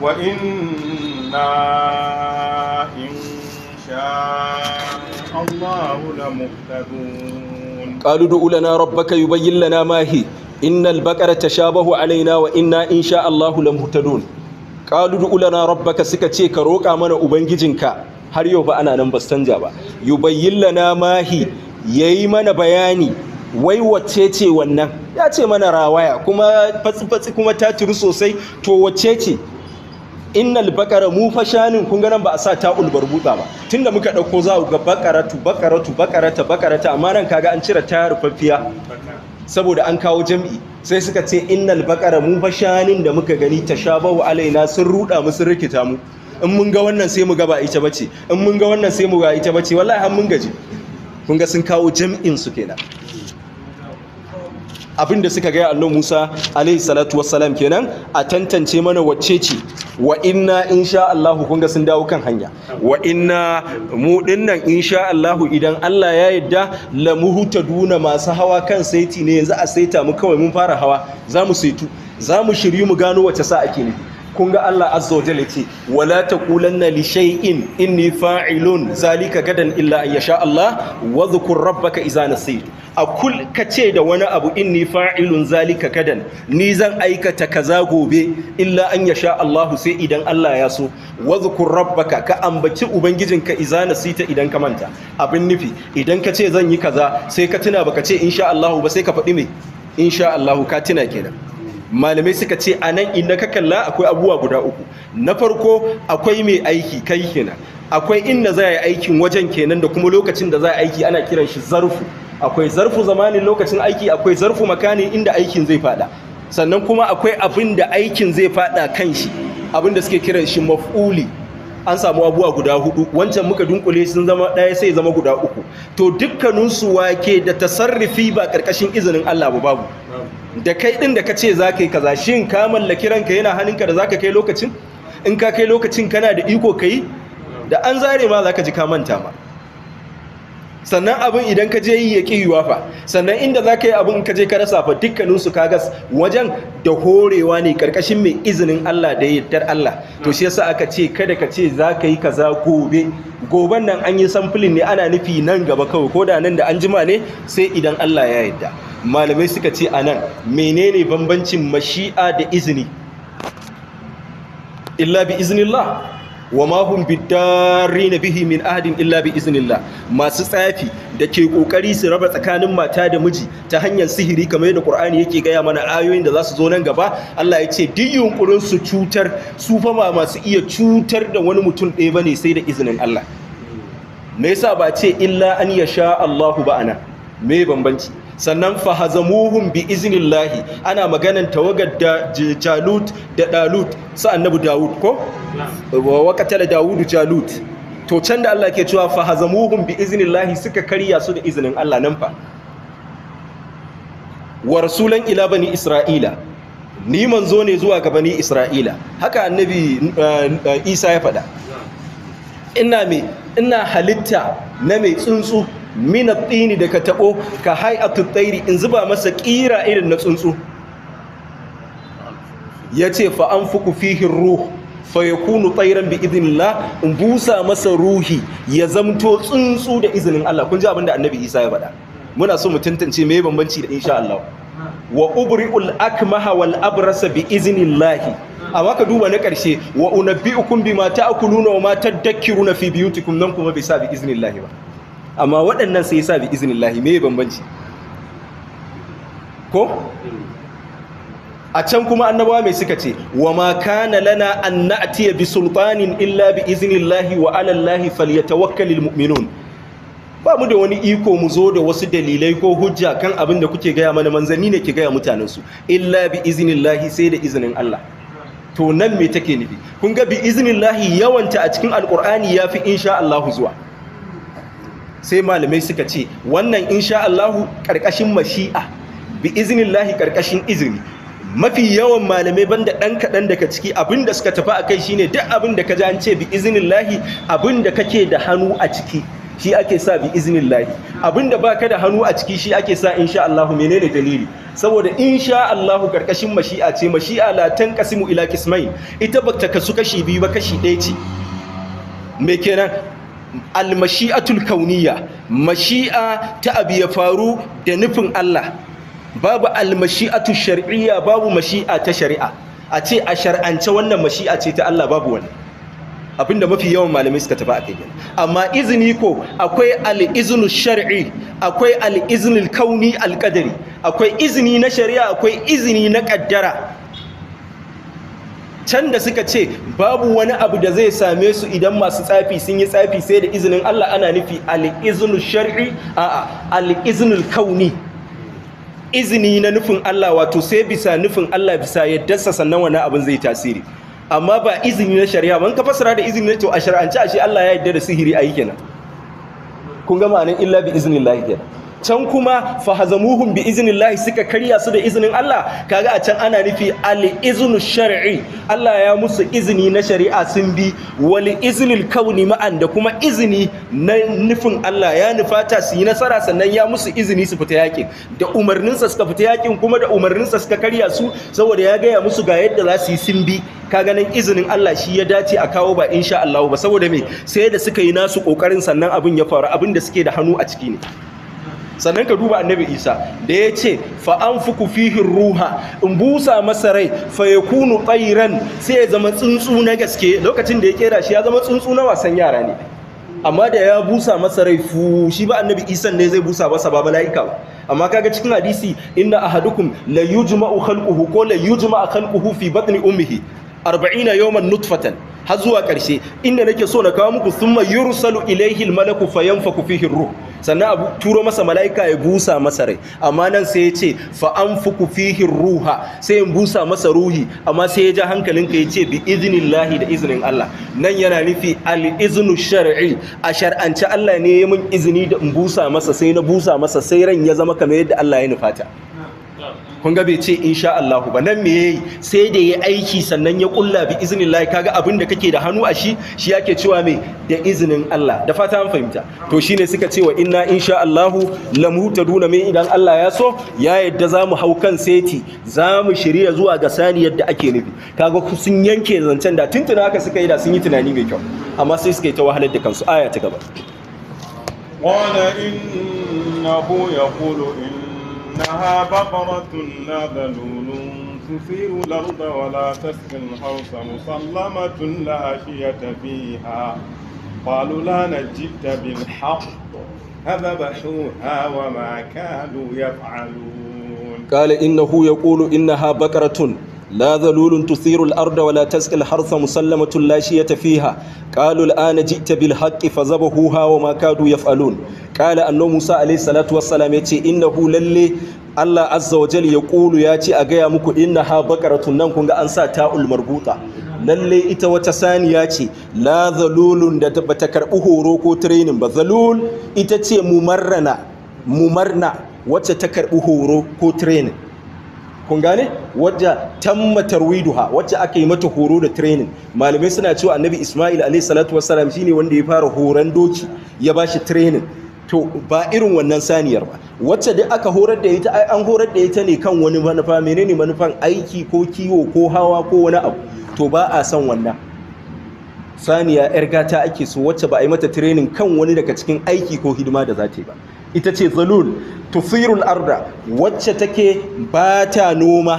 وإنا إن شاء الله لمهتدون قالوا ادع لنا ربك يبين لنا ما هي إن البقرة تشابه علينا وإنا إن شاء الله لمهتدون قالوا ادع لنا ربك سكتي كروك أمانا أبنججنك har yau ba ana nan ba canja ba yubayyin lana mahi yayi mana bayani wai wacce ce wannan ya ce mana rawaya kuma fatsi kuma ta turu sosai to wacce ce innal bakara mu fashanin kun ga nan ba a sa ta ulbar barbuta ba tunda muka dauko za ga bakaratu bakaratu bakarata bakarata amma nan kaga an cire ta rufaffiya saboda an kawo jam'i sai suka ce innal bakara mu fa da muka gani ta tashabahu alaina sun ruda mu sun rikita mu in mun ga wannan sai mu ga ba ita bace in mun ga wannan sai mu ga ita bace wallahi har mun gaji kun ga sun kawo jam'in su kenan abin da suka gaya allo Musa alaihi salatu wassalam kenan a tantance mana wacce ce wa inna insha Allah kun ga sun dawo kan hanya wa inna mu dinnan insha Allah idan Allah ya yarda la duna masu hawa kan saiti ne yanzu a saita mu kawai mun fara hawa za mu saitu za mu shiryu mu gano wacce sa ake ne kun ga Allah azza wa jalla ce wala taqulanna li shay'in inni fa'ilun zalika gadan illa ayyasha Allah wa dhkur rabbaka idza nasit a kul ka ce da wani abu inni fa'ilun zalika kadan ni zan aikata kaza gobe illa an ya sha Allah sai idan Allah ya so kun rabbaka ka ambaci ubangijinka iza na sita idan ka manta abin nufi idan ka ce zan yi kaza sai ka tuna baka ce insha Allah ba sai ka faɗi me insha Allah ka tuna kenan malamai suka ce a nan inda ka kalla akwai abubuwa guda uku na farko akwai mai aiki kai kenan akwai inda za a yi aikin wajen kenan da kuma lokacin da za a aiki ana kiran shi zarfu akwai zarfu zamanin lokacin aiki akwai zarfu makani inda aikin zai fada sannan kuma akwai abin da aikin zai fada kan shi abin da suke kiran shi maf'uli an samu abuwa guda hudu wancan muka dunkule sun zama ɗaya sai zama guda uku to su wake da tasarrufi ba karkashin izinin Allah ba babu da kai din da ka ce za ka yi kaza shin ka mallaki ranka yana hannunka da za ka kai lokacin in ka kai lokacin kana da iko ka yi da an zare ma za ka ji ka manta ma sannan abin idan ka je yi ya ƙi yiwuwa fa sannan inda za ka yi abin ka je ka rasa fa su kagas wajen da horewa ne karkashin mai izinin Allah da ya yaddar Allah to shi yasa aka ce kada ka ce za ka yi kaza gobe goben nan an yi samfulin ne ana nufi nan gaba kawai ko da nan da an jima ne sai idan Allah ya yarda malamai suka ce a nan menene bambancin mashi'a da izini illa bi iznillah wa mahun bidari na bihi min ahadin illa bi iznillah masu tsafi da ke kokari su raba tsakanin mata da miji ta hanyar sihiri kamar yadda qur'ani yake gaya mana ayoyin da za su zo nan gaba Allah ya ce duk yunkurin su cutar su fa ba masu iya cutar da wani mutum ɗaya bane sai da izinin Allah me yasa ba ce illa an yasha Allahu ba ana me bambanci sannan fahazamuhun bi izinillahi ana maganan tawagar da jalut da dalut sa annabu dawud ko wa qatala dawudu jalut to can da Allah ke cewa fahazamuhun bi izinillahi suka karya su da izinin Allah nan fa wa rasulan ila bani isra'ila ni manzo ne zuwa ga bani isra'ila haka annabi eh, eh, isa ya faɗa ina halitta na mai tsuntsu min at-tini daga tabo ka hay'atu tsairi in zuba masa kira irin na tsuntsu yace fa anfuku fihi ruh fa yakunu tsairan bi idnillah in busa masa ruhi ya zamto tsuntsu da izinin Allah kun ji abinda annabi Isa ya faɗa muna so mu tantance mai bambanci da insha Allah wa ubri'ul akmaha wal abrasa bi iznillahi amma ka duba na ƙarshe wa unabbi'ukum bima ta'kuluna wa ma tadakkiruna fi biyutikum nan kuma bai sa bi iznillahi ba amma waɗannan sai sa bi lahi me bambanci ko a can kuma annabawa mai suka ce wa ma kana lana an na'atiya bi sultanin illa bi lahi wa alallahi falyata falyatawakkalul mu'minun ba mu da wani iko mu zo da wasu dalilai ko hujja kan abin da kuke gaya mana manzanni ne ke gaya mutanensu illa bi lahi sai da izinin Allah to nan me take nufi kun ga bi lahi yawanta a cikin alkur'ani ya yafi insha Allah zuwa sai malamai suka ce wannan insha Allahu karkashin mashi'a bi iznillahi karkashin izini mafi yawan malamai banda ɗan kaɗan daga ciki abinda suka tafi kai shine duk abinda ka ji an ce bi iznillahi abinda kake da hannu a ciki shi ake sa bi iznillahi abinda baka da hannu a ciki shi ake sa insha Allahu menene dalili saboda insha Allahu karkashin mashi'a ce mashi'a la tanqasimu ila qismain ita bakta kasu kashi biyu ba kashi ɗaya ce me kenan almashi'atul kauniya mashi'a ta abu ya faru da nufin Allah babu almashi'atul shar'iyya babu mashi'a ta shari'a a ce a shar'anci wannan mashi'a ce ta Allah babu wani abinda mafi yawan malamai suka tafi a kai amma izini ko akwai al-iznu shar'i akwai al kauni al akwai izini na shari'a akwai izini na kaddara can da suka ce babu wani abu da zai same su idan masu tsafi sun yi tsafi sai da izinin Allah ana nufi al’izinul shari’i a al’izinul kauni izini na nufin Allah wato sai bisa nufin Allah bisa yaddarsa sannan wani abin zai tasiri amma ba izini na shari'a ban ka da izini na to a a ashe Allah ya yarda da sihiri ayi kenan kun ga ma'anar illa bi iznillahi kenan can kuma fahazamuhun bi izinillahi suka karya su da izinin Allah kaga a can ana nufi al iznu shar'i Allah ya musu izini na shari'a sun bi wal iznil kauni ma'an da kuma izini na nufin Allah ya nufata su yi nasara sannan ya musu izini su fita yakin da umarninsa suka fita yakin kuma da umarninsa suka karya su saboda ya gaya musu ga yadda za su yi sun bi ka ganin izinin Allah shi ya dace a kawo ba insha Allah ba saboda me sai da suka yi nasu kokarin sannan abin ya faru abin da suke da hannu a ciki ne sannan ka duba annabi isa da ya ce fa'an fuku fihin ruha in busa masa rai fa ya kunu tsairan sai ya zama tsuntsu na gaske lokacin da ya kera shi ya zama tsuntsu na wasan yara ne amma da ya busa masa rai fu shi ba annabi isan ne zai busa masa ba mala'ika ba amma kaga cikin hadisi inna ahadukum la juma'u khalquhu ko la juma'a khalquhu fi batni umihi arba'ina yoman nutfatan har zuwa ƙarshe inda nake so na kawo muku sun thumma yursalu ilayhi fayan fa kufihin ruh sannan abu turo masa malaika ya busa masa rai amma nan sai ya ce fa kufi kufihin ruha sai in busa masa ruhi amma sai ya ja hankalinka ya ce bi lahi da izinin Allah nan yana nufi al-iznu shar'i a shar'ance Allah ne ya min izini da in busa masa sai na busa masa sai ran ya zama kamar yadda Allah ya nufata kun ga bai ce insha Allah ba nan me yayi sai da yayi aiki sannan ya kulla bi iznillahi kaga abin da kake da hannu a shi shi yake cewa me da iznin Allah da fata an fahimta to shine suka cewa wa inna insha Allah lamutaduna me idan Allah ya so ya yadda zamu hau kan seti zamu shirya zuwa ga saniyar da ake nufi kaga sun yanke zancen da tuntuna haka suka yi da sun yi tunani mai kyau amma sai suka yi ta wahalar da kansu aya ta gaba قال إنه يقول إن إنها بقرة لا ذلول تثير الأرض ولا تسقي الحوث مسلمة لا شية فيها قالوا لا نجدت بالحق فذبحوها وما كانوا يفعلون قال إنه يقول إنها بقرة لا ذلول تثير الأرض ولا تسقي الحرث مسلمة لا شية فيها قالوا الآن جئت بالحق فذبحوها وما كادوا يفعلون قال أن موسى عليه الصلاة والسلام يتي إنه للي Allah azza wa ya ƙulu ya ce a gaya muku inna ha bakaratun nan kun an sa ta'ul marbuta Lallai ita wata saniya ce la zalulun da bata karɓi horo ko training ba zalul ita ce mumarna wace ta karɓi horo ko training kun gane wajen tamma tarwiduha wacce aka yi mata horo da training malamai suna cewa annabi isma'il alayhi salatu wassalam shine wanda ya fara horon doki ya bashi training to ba irin wannan saniyar ba wacce dai aka horar da ita an horar da ita ne kan wani manufa menene manufan aiki ko kiwo ko hawa ko wani abu to ba a son wannan saniya yar gata ake so wacce ba a yi mata training kan wani daga cikin aiki ko hidima da za ta yi ba ita ce zalul tufirul arda wacce take ba ta noma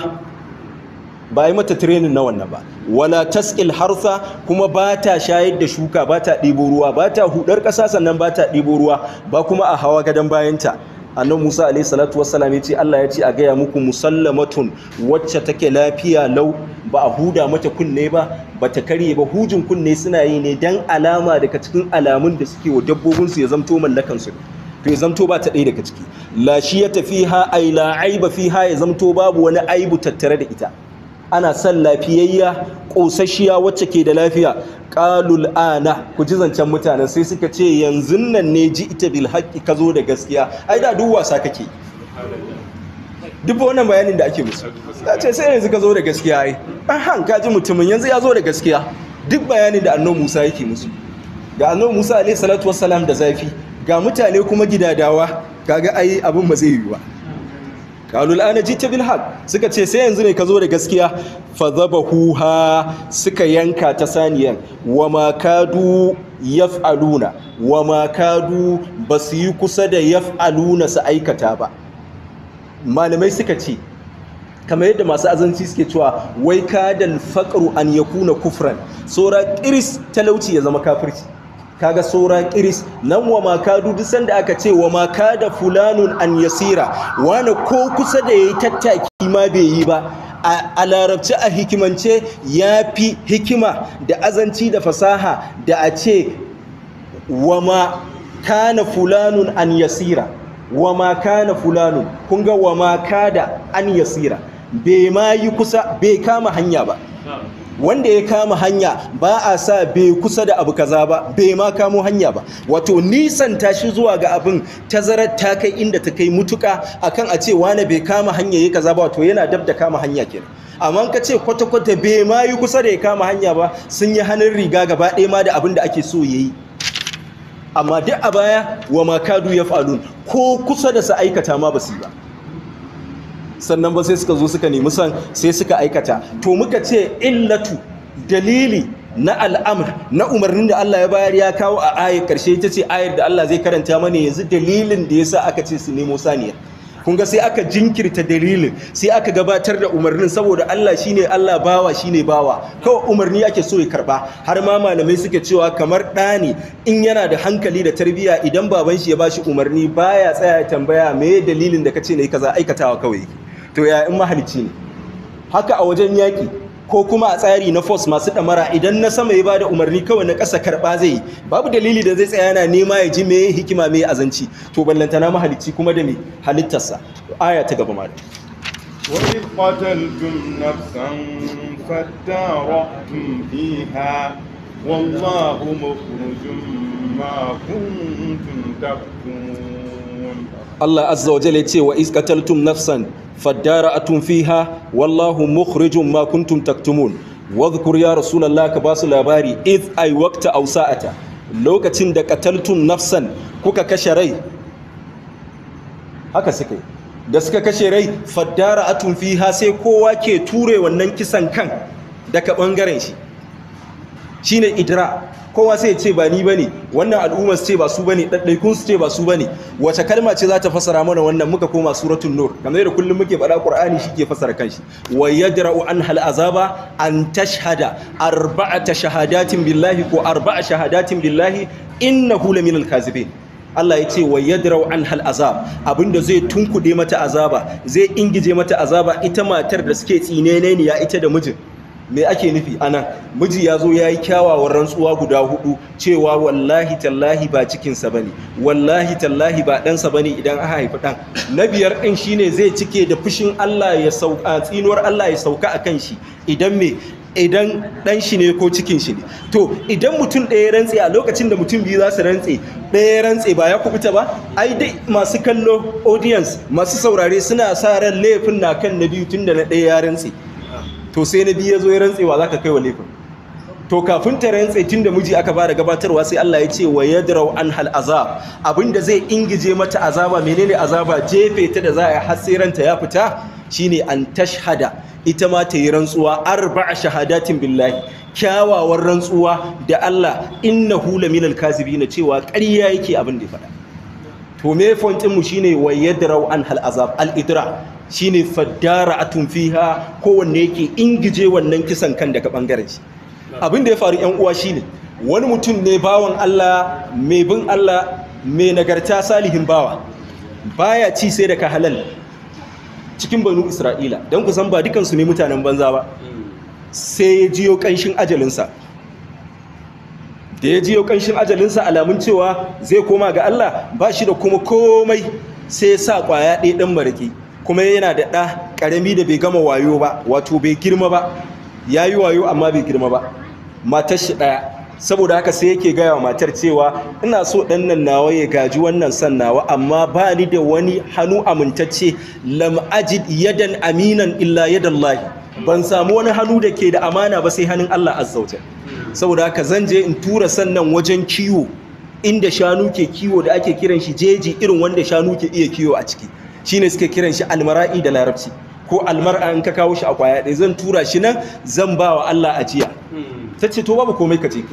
ba yi mata training na wannan ba wala taskil harsa kuma ba ta shayar da shuka ba ta ɗibo ruwa ba ta hudar ƙasa sannan ba ta ɗibo ruwa ba kuma a hawa gadon bayanta annan musa alaihi salatu wassalam ya ce allah ya ce a gaya muku musallamatun wacce take lafiya lau ba a huda mata kunne ba ba ta karye ba hujin kunne suna yi ne don alama daga cikin alamun da suke wa dabbobinsu ya zamto mallakansu to ya zamto ba ta ɗaya daga ciki la shi ya tafi ha ai la aiba fi ha ya zamto babu wani aibu tattare da ita ana son lafiyayya ƙosashiya wacce ke da lafiya ƙalul ana ku ji zancen mutanen sai suka ce yanzu nan ne ji ita bil haƙƙi ka zo da gaskiya ai da duk wasa kake duk wannan bayanin da ake musu ta ce sai yanzu ka zo da gaskiya ai ahan ka ji mutumin yanzu ya zo da gaskiya duk bayanin da annabi Musa yake musu ga annabi Musa alaihi salatu wassalam da zafi ga mutane kuma gidadawa kaga ai abin ba zai yi ba kalul ana jita bil haq suka ce sai yanzu ne ka zo da gaskiya fa zabahuha suka yanka ta saniyan wa ya kadu yaf'aluna wa kadu basu yi kusa da yaf'aluna su aikata ba malamai suka ce kamar yadda masu azanci suke cewa wai kadal faqru an yakuna kufran sora qiris talauci ya zama kafirci kaga sauran kiris nan wa maka sanda aka ce wa maka da fulanun an yasira wani ko kusa da yayi tattaki ma bai yi ba a larabci a hikimance ya fi hikima da azanci da fasaha da a ce wa ma kana fulanun an yasira wa ma kana fulanun kun ga wa maka da an yasira bai ma yi kusa bai kama hanya ba wanda ya kama hanya ba a sa bai kusa da abu kaza ba bai ma kamo hanya ba wato nisan tashi zuwa ga abin tazarar ta kai inda ta kai mutuka akan a ce wane bai kama hanya ya kaza ba wato yana dab da kama hanya kenan amma ka ce kwata-kwata bai ma yi kusa da ya kama hanya ba sun yi hannun riga gaba ɗaya ma da abin da ake so ya yi amma duk a baya wa makadu ya falun ko kusa da su aikata ma ba su ba sannan ba sai suka zo suka nemi san sai suka aikata to muka ce illatu dalili na al'amur na umarnin da Allah ya bayar ya kawo a ayar karshe ita ce ayar da Allah zai karanta mana yanzu dalilin da ya sa aka ce su nemo saniya kun ga sai aka jinkirta dalilin sai aka gabatar da umarnin saboda Allah shine Allah bawa shine bawa kawai umarni ake so ya karba har ma malamai suke cewa kamar ɗa ne in yana da hankali da tarbiyya idan baban shi ya bashi umarni baya tsaya tambaya me dalilin da kace ne kaza aikatawa kawai to ya in mahalicci ne haka a wajen yaƙi ko kuma a tsari na force masu ɗamara idan na sama ya ba da umarni kawai na ƙasa karɓa zai yi babu dalili da zai tsaya na nema ya ji mai hikima mai azanci to ballanta na mahalicci kuma da mai halittarsa aya ta gaba mara وإذ قتلتم نفسا فادارأتم فيها والله مخرج ما كنتم تكتمون Allah azza wa jalla ce wa iskataltum nafsan fadara'atun fiha wallahu mukhrijum ma kuntum taktumun wadhkur ya rasulullah ka basu labari if ai waqta aw sa'ata lokacin da qataltum nafsan kuka kashe rai haka yi. da suka kashe rai fadara'atun fiha sai kowa ke ture wannan kisan kan daga bangaren shi shine idra kowa sai ce ba ni bane wannan al'ummar ce ba su bane daddaikun su ce ba su bane wace kalma ce za ta fasara mana wannan muka koma suratul nur kamar yadda kullum muke bada qur'ani shi ke fasara kanshi wa an hal azaba an tashhada arba'ata shahadatin billahi ko arba'a shahadatin billahi innahu minal kazibin Allah ya ce wa yadrau an hal azab abinda zai tunkude mata azaba zai ingije mata azaba ita matar da suke tsinene ne ya ita da mijin me ake nufi anan miji ya zo ya yi kyawawan rantsuwa guda hudu cewa wallahi tallahi ba cikinsa ba ne wallahi tallahi ba ɗansa ba ne idan aka haifi ɗan na biyar ɗin shine zai cike da fushin allah ya sauka tsinuwar allah ya sauka a kan shi idan me idan ɗan shi ne ko cikin shi ne to idan mutum ɗaya rantse a lokacin da mutum biyu za su rantse ɗaya rantse ba ya kubuta ba ai dai masu kallo audience masu saurare suna sa ran laifin na kan na biyu tun da na ɗaya ya rantse to sai na biyu ya zo ya rantsewa za ka kai wa laifin to kafin ta rantse tun da miji aka bada gabatarwa sai Allah ya ce wa yadraw an hal azab abinda zai ingije mata azaba menene azaba jefe ta da za a hasiranta ya fita shine an tashhada ita ma ta yi rantsuwa arba shahadatin billahi kyawawan rantsuwa da Allah innahu laminal kazibina cewa ƙarya yake abin da ya faɗa to me fontin mu shine wa yadraw an hal azab al idra shine faddara atun fiha kowanne yake ingije wannan kisan kan daga ɓangaren shi abin da ya faru yan uwa ne, wani mutum ne bawan Allah mai bin Allah mai nagarta salihin bawa baya ci sai daga halal cikin banu Isra'ila don ku san ba dukansu ne mutanen banza ba sai ya jiyo ƙanshin ajalinsa da ya jiyo ƙanshin ajalinsa alamun cewa zai koma ga Allah ba shi da kuma komai sai ya sa ƙwaya ɗaya ɗan maraki kuma yana da ɗa ƙarami da bai gama wayo ba wato bai girma ba ya yi wayo amma bai girma ba matar shi ɗaya saboda haka sai yake gaya wa matar cewa ina so ɗan nan nawa ya gaji wannan san nawa amma ba ni da wani hannu amintacce lam ajid yadan aminan illa yadan lahi ban samu wani hannu da ke da amana ba sai hannun Allah azzawajal saboda haka zan je in tura sannan wajen kiwo inda shanu ke kiwo da ake kiran shi jeji irin wanda shanu ke iya kiwo a ciki shi ne suke kiran shi almara'i da larabci ko almar'a in ka kawo shi a kwaya ɗaya zan tura shi nan zan ba wa Allah ajiya ta ce to babu komai ka ce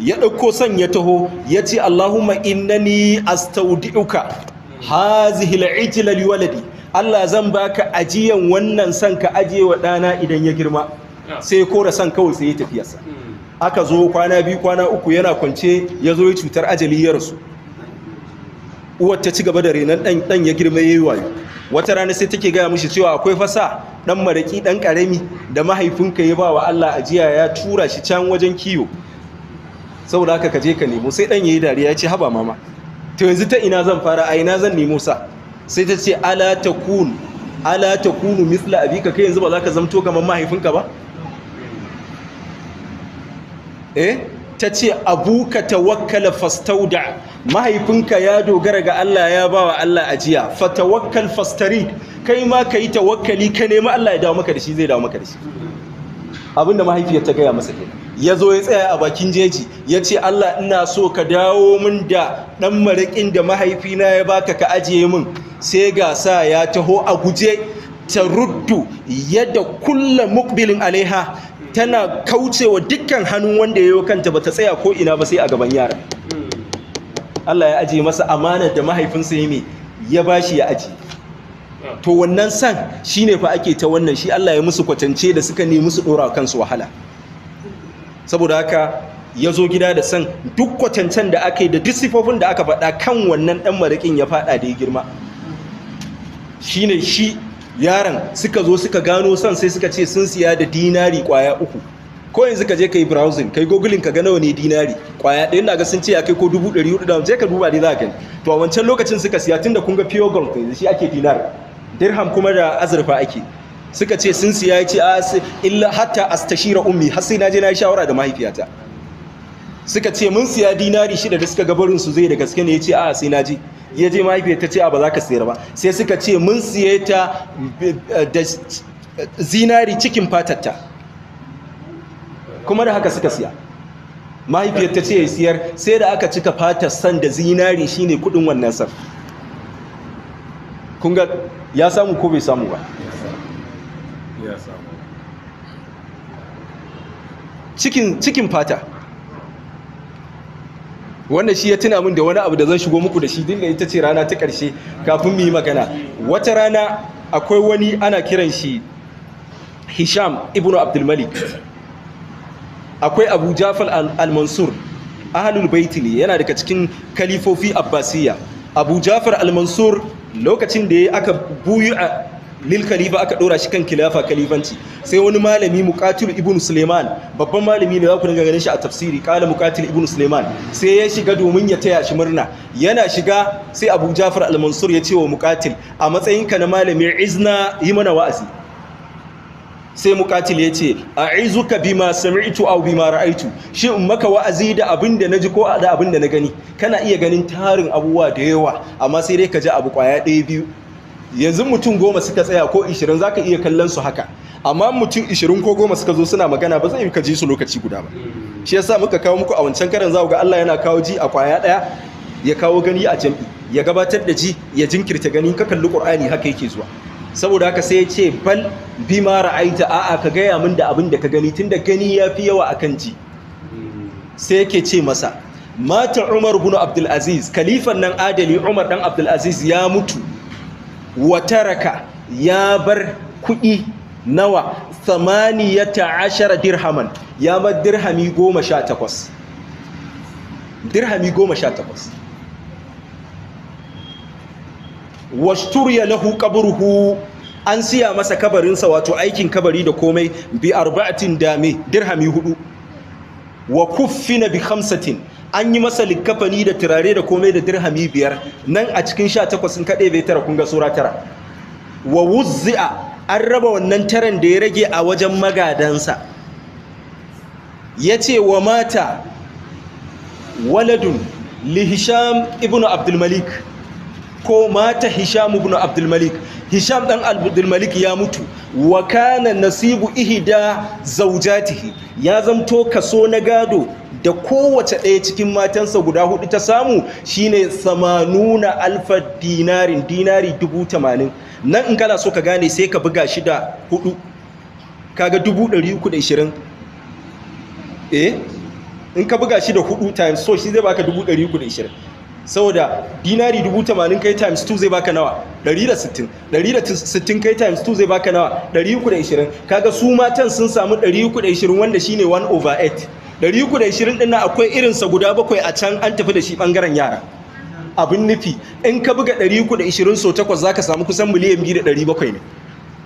ya ɗauko son ya taho ya ce Allahumma innani astaudi'uka hazihi al'ijla waladi Allah zan baka ajiyan wannan son ka ajiye wa ɗana idan ya girma sai kora son kawai sai ya tafiyarsa hmm. aka zo kwana biyu kwana uku yana kwance ya zo ya cutar ajali ya rasu uwar ta ci gaba da renon ɗan ya girma ya yi wayo wata rana sai take gaya mishi cewa akwai fasa dan maraki dan karami da mahaifinka ya ba wa Allah ajiya ya tura shi can wajen kiyo saboda haka ka je ka nemo sai dan yayi dariya ya ce haba mama to yanzu ta ina zan fara a ina zan nemo sa sai ta ce ala takun ala takunu misla abika kai yanzu ba za ka zamto kamar mahaifinka ba eh ta ce abuka tawakkala fastauda mahaifinka ya dogara ga Allah ya ba wa Allah ajiya fatawakkal fastari kai ma ka yi tawakkali ka nemi Allah ya dawo maka da shi zai dawo maka da shi abinda mahaifiyar ta gaya masa kenan ya zo ya tsaya a bakin jeji ya ce Allah ina so ka dawo min da ɗan maraƙin da mahaifina ya baka ka ajiye min sai ga sa ya taho a guje ta ruddu yadda kulla mukbilin alaiha tana kaucewa dukkan hannun wanda ya yi kanta ba ta tsaya ko ina ba sai a gaban yaran Allah ya ajiye masa amanar da mahaifinsa ya ya bashi ya ajiye to wannan san shine fa ake ta wannan shi Allah ya musu kwatance da suka nemi su dora kansu wahala saboda haka ya zo gida da san duk kwatancen da aka yi da duk da aka faɗa kan wannan ɗan marikin ya faɗa da ya girma shi ne shi yaron suka zo suka gano san sai suka ce sun siya da dinari kwaya uku ko yanzu ka je ka yi browsing kai googling ka ga nawa ne dinari kwaya ɗaya na ga sun ce ya kai ko dubu ɗari hudu da je ka duba dai za ka gani to a wancan lokacin suka siya tunda kun ga pure gold yanzu shi ake dinar dirham kuma da azurfa ake suka ce sun siya ya ce a ah, illa hatta astashira ummi har sai na je na yi shawara da mahaifiyata suka ce mun siya dinari shida da suka gabarin su zai da gaske ne ya ce a ah, sai na je ya je mahaifiyata ce a ah, ba za ka sayar ba sai suka ce mun siya ta eh, da zinari cikin fatarta kuma da haka suka siya mahaifiyar ta ce ya siyar sai da aka cika fata san da zinari shine kudin wannan sar kunga ya samu ko bai samu ba cikin fata wannan shi ya tuna min da wani abu da zan shigo muku da shi dinga ita ce rana ta ƙarshe kafin mu yi magana wata rana akwai wani ana kiran shi hisham ibnu abdulmalik akwai abu jafar al-mansur ahalul baiti yana daga cikin kalifofi abbasiya abu jafar al-mansur lokacin da ya aka buyu a lil khalifa aka dora shi kan kilafa kalifanci sai wani malami muqatil ibnu suleiman babban malami ne za ku dinga ganin shi a tafsiri kala muqatil ibnu suleiman sai ya shiga domin ya taya shi murna yana shiga sai abu jafar al-mansur ya ce wa muqatil a matsayinka na malami izna yi mana wa'azi sai mukatil ya ce a izuka bima sami'tu bi ma ra'aitu shi in maka wa'azi da abin da ji ko da abin da na gani kana iya ganin tarin abubuwa da yawa amma sai dai ka ji abu kwaya ɗaya biyu yanzu mutum goma suka tsaya ko za zaka iya kallon su haka amma mutum ishirin ko goma suka zo suna magana ba zai ka ji su lokaci guda ba shi yasa muka kawo muku a wancan karan za ga Allah yana kawo ji a kwaya ɗaya ya kawo gani a jam'i ya gabatar da ji ya jinkirta gani ka kalli Qur'ani haka yake zuwa saboda haka sai ya ce bal bima ra'aita a'a ka gaya min da abin da ka gani tunda gani ya fi yawa akan ji sai yake ce masa mata umar Abdul abdulaziz kalifan nan adali umar dan abdulaziz ya mutu Wa taraka ya bar kuɗi nawa 18 dirhaman ya bar dirhami goma dirhami goma washturiya lahu qabruhu an siya masa kabarinsa wato aikin kabari da komai bi arba'atin dame dirhami hudu wa kuffina bi hamsatin an yi masa likafani da turare da komai da dirhami biyar nan a cikin 18 sun kade bai tara kun ga sura tara wa wuzzi'a an raba wannan taran da ya rage a wajen magadansa yace wa mata waladun lihisham hisham ibnu abdul ko mata hisham ibn abdul malik hisham dan abdul malik ya mutu wa kana nasibu ihda zawjatihi ya zamto kaso na gado da kowace ɗaya cikin matansa guda hudu ta samu shine 80000 alfa dinarin dinari dubu tamanin nan in kana so ka gane sai ka buga shi da hudu kaga dubu uku da eh in ka buga shi da hudu times so shi zai baka dubu uku da saboda dinari 80 kai times 2 zai baka nawa 160 160 kai times 2 zai baka nawa 320 kaga su matan sun samu 320 wanda shine 1 over 8 320 din nan akwai irinsa guda bakwai a can an tafi da shi bangaren yara abin nufi in ka buga 320 so takwas zaka samu kusan miliyan 2.700 ne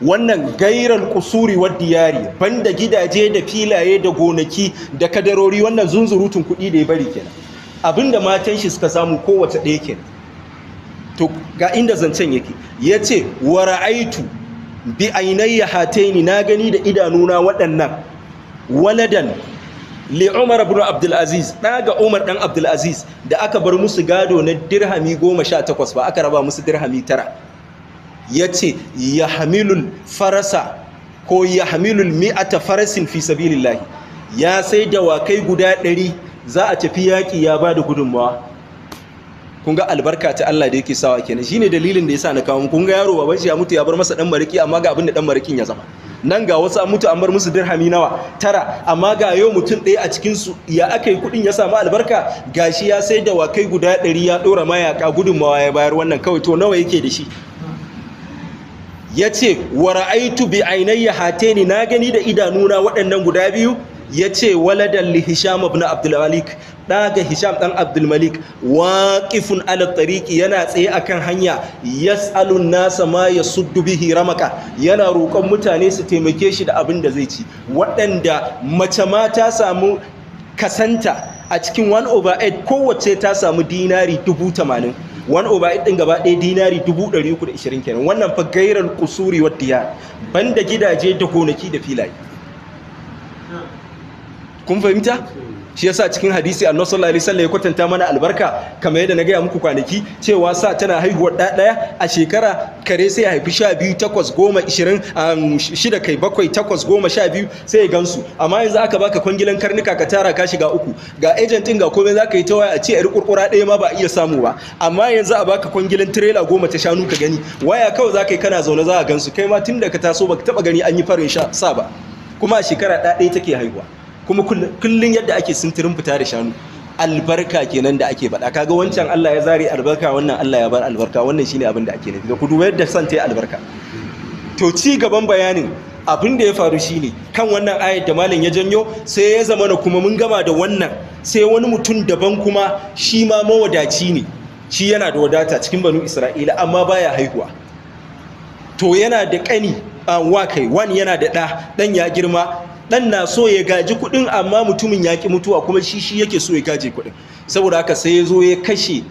wannan gairar kusuri wa diyari banda gidaje da filaye da gonaki da kadarori wannan zunzurutun kuɗi da ya bari kenan abinda matan shi suka samu kowace ɗaya ke to ga inda zancen yake ya ce wa ra'aitu bi ainayya hataini na gani da idanuna waɗannan waladan li umar ibn abdul aziz umar ɗan abdul da aka bar musu gado na dirhami goma sha 18 ba aka raba musu dirhami 9 yace yahmilul farasa ko yahmilul mi'ata farasin fi sabilillah ya sai dawakai guda ɗari. za a tafi yaƙi ya ba da gudunmawa kun ga albarka ta Allah da yake sawa kenan shi ne dalilin da sa na kawo kun ga yaro baban shi ya mutu ya bar masa dan mariki amma ga abin da dan marikin ya zama nan ga wasu an mutu an bar musu dirhami nawa tara amma ga yau mutum ɗaya a cikin su ya aka yi kuɗin ya samu albarka gashi ya sai da wakai guda ɗari ya ɗora mayaka gudunmawa ya bayar wannan kawai to nawa yake da shi ya ce wa ra'aitu bi ainayya hateni na gani da idanuna waɗannan guda biyu ya ce waladan li hisham ibn abdulmalik ɗa hisham ɗan abdulmalik Waƙifin ala tariki yana tsaye akan hanya yas'alun nasa ma ya suddu bihi ramaka yana roƙon mutane su taimake shi da abin da zai ci waɗanda mace ma ta samu kasanta a cikin 1 over 8 kowace ta samu dinari 80,000 One over eight ɗin gaba ɗaya dinari 320 kenan wannan fa gairar kusuri wadda ya banda gidaje da gonaki da filaye kun fahimta shi yasa cikin hadisi annabi sallallahu alaihi wasallam ya kwatanta mana albarka kamar yadda na gaya muku kwanaki cewa sa tana haihuwar da daya a shekara kare sai ya haifi 12 8 20 shida kai bakwai 8 12 sai ya gansu amma yanzu aka baka kwangilan karnuka ka tara ka shiga uku ga agent din ga komai zaka yi ta waya a ce a kurkura daya ma ba a iya samu ba amma yanzu a baka kwangilan trailer goma ta shanu ka gani waya kawai zaka yi kana zaune za ka gansu kai ma tun da ka taso baka taba gani an yi farin sha sa ba kuma a shekara ɗaya take haihuwa kuma kullun yadda ake sintirin fita da shanu albarka kenan da ake faɗa kaga wancan Allah ya zare albarka wannan Allah ya bar albarka wannan shine abin da ake nufi da ku yadda san tayi albarka to ci gaban bayanin abin da ya faru shine kan wannan ayat da malam ya janyo sai ya zama na kuma mun gama da wannan sai wani mutum daban kuma shi ma mawadaci ne shi yana da wadata cikin banu Isra'ila amma baya haihuwa to yana da kani wa kai wani yana da ɗa ɗan ya girma Ɗan na so ya gaji kuɗin amma mutumin ya ki mutuwa kuma shi shi yake so ya gaje kudin saboda haka sai ya zo ya kashe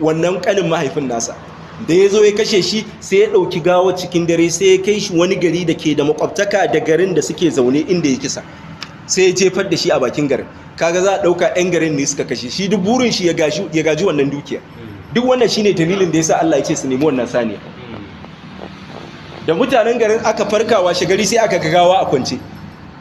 wannan kanin mahaifin nasa da ya zo ya kashe shi sai ya ɗauki gawa cikin dare sai ya kai shi wani gari da ke da makwabtaka da garin da suke zaune inda ya kisa sai ya jefar da shi a bakin garin kaga za a ɗauka 'yan garin ne suka kashe shi duk burin shi ya gaji wannan dukiya duk wannan shine dalilin da yasa Allah ya ce su nemi wannan saniya da mutanen garin aka farkawa gari sai aka ga gawa a kwance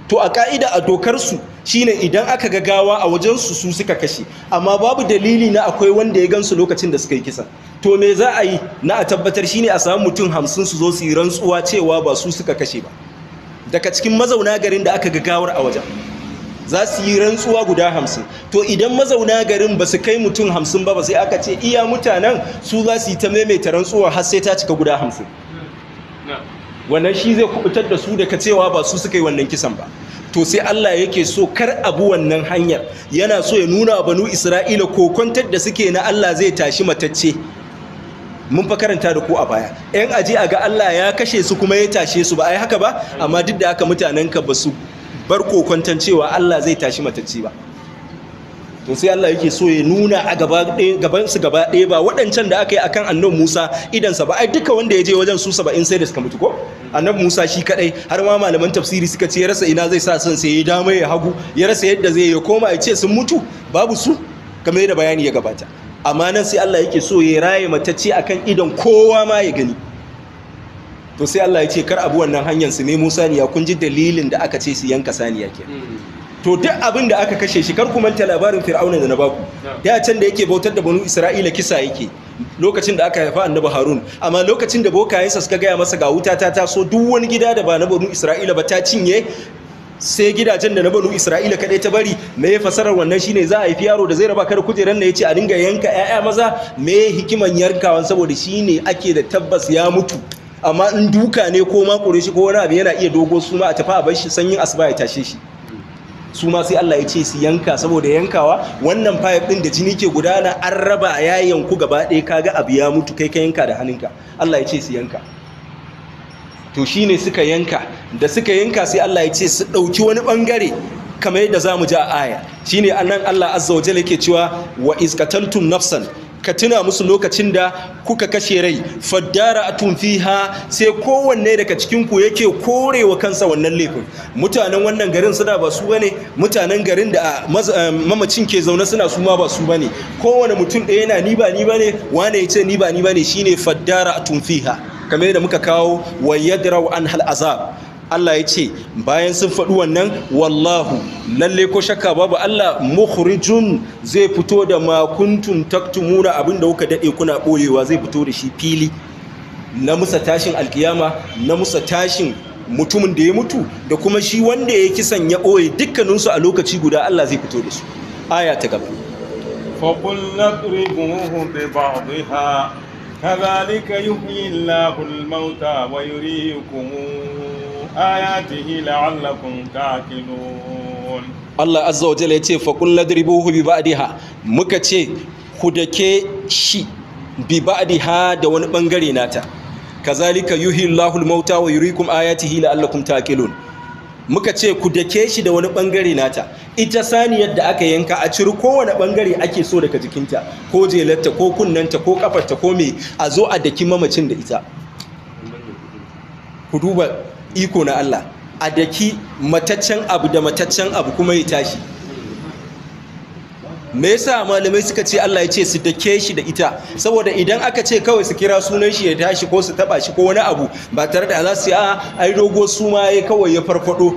to a ka'ida a dokarsu shine idan aka ga gawa a wajensu su suka kashe amma babu dalili na akwai wanda ya gansu lokacin da suka yi kisa to me za a yi na a tabbatar shine a samu mutum hamsin su zo su yi rantsuwa cewa ba su suka kashe ba daga cikin mazauna garin da aka ga gawar a wajen za su yi rantsuwa guda hamsin to idan mazauna garin ba su kai mutum hamsin ba ba sai aka ce iya mutanen su za su yi ta maimaita rantsuwa har sai ta cika guda hamsin wannan shi zai kubutar da su daga cewa ba su suka yi wannan kisan ba to sai Allah yake so kar abu wannan hanyar yana so ya nuna banu Isra'ila kokontar da suke na Allah zai tashi matacce mun fa karanta da ku a baya yan aji a ga Allah ya kashe su kuma ya tashe su ba ai haka ba amma duk da haka mutanen ka ba su bar kokontan cewa Allah zai tashi matacce ba to sai Allah yake so ya nuna a gaban su gaba ɗaya ba waɗancan da aka yi akan annab Musa idansa ba ai duka wanda ya je wajen su saba'in sai da suka mutu ko annabi Musa shi kadai har ma malaman tafsiri suka ce ya rasa ina zai sa san sai ya dama ya hagu ya rasa yadda zai ya koma ya ce sun mutu babu su kamar yadda bayani ya gabata amma nan sai Allah yake so ya raye ce akan idan kowa ma ya gani to sai Allah ya ce kar abu wannan hanyar su ne Musa ne ya kun ji dalilin da aka ce su yanka saniya kenan hmm. to duk abin da aka kashe shi kar ku manta labarin fir'auna da na baku ya can da yake bautar da banu isra'ila kisa yake lokacin da aka haifa annabi harun amma lokacin da bokayensa suka gaya masa ga wuta ta taso duk wani gida da ba na banu isra'ila ba ta cinye sai gidajen da na banu isra'ila kadai ta bari me fasarar wannan shine za a haifi yaro da zai raba kada kujeran ne yace a dinga yanka ƴaƴa maza me hikiman yarkawan saboda shine ake da tabbas ya mutu amma in duka ne ko makure shi ko wani abu yana iya dogo suma a tafi a bar shi sanyin asuba ya tashe shi su ma sai Allah ya ce su yanka saboda yankawa wannan pipe din da jini ke gudana an raba a yayin ku gaba ɗaya kaga abu ya mutu kai ka yanka da hannunka Allah ya ce su yanka to shine suka yanka da suka yanka sai Allah ya ce su ɗauki wani ɓangare kamar yadda za mu ja a aya shine annan Allah azza wa jalla yake cewa wa iskataltum nafsan ka tuna musu lokacin da kuka kashe rai faddara atun fiha sai kowanne daga cikin ku yake korewa kansa wannan laifin mutanen wannan garin suna ba su bane mutanen garin da ah, ah, mamacin ke zaune suna su ma ba su bane kowane mutum ɗaya yana ni ba ni bane wane ya ce ni ba ni bane shine faddara atun fiha kamar yadda muka kawo wa yadraw an hal azab Allah ya ce bayan sun faɗi wannan wallahu lalle ko shakka babu Allah mukhrijun zai fito da makuntun taktumuna abinda kuka dade kuna boyewa zai fito da shi fili na musa tashin alkiyama na musa tashin mutumin da ya mutu da kuma shi wanda ya kisan ya boye dukkaninsu a lokaci guda Allah zai fito da su aya ta gaba bi ba'dihha kadhalika yuhyi Allahul mauta wa ويريكم ayatihi la'allakum taqilun Allah azza wa yace fa qul bi ba'diha muka ce ku dake shi bi ba'diha da wani bangare nata kazalika yuhi Allahul mauta wa yurikum ayatihi la'allakum taqilun muka ce ku dake shi da wani bangare nata ita saniyar da aka yanka a ciri kowane bangare ake so daga jikinta ko jelarta ko kunnanta ko kafarta ko me a zo a daki mamacin da ita ku duba iko na Allah a daki mataccen abu da mataccen abu kuma ya tashi me yasa malamai suka ce Allah ya ce su dake shi da ita saboda idan aka ce kawai su kira sunan shi ya tashi ko su taba shi ko wani abu ba tare da za su yi a ai dogo suma ya kawai ya farfado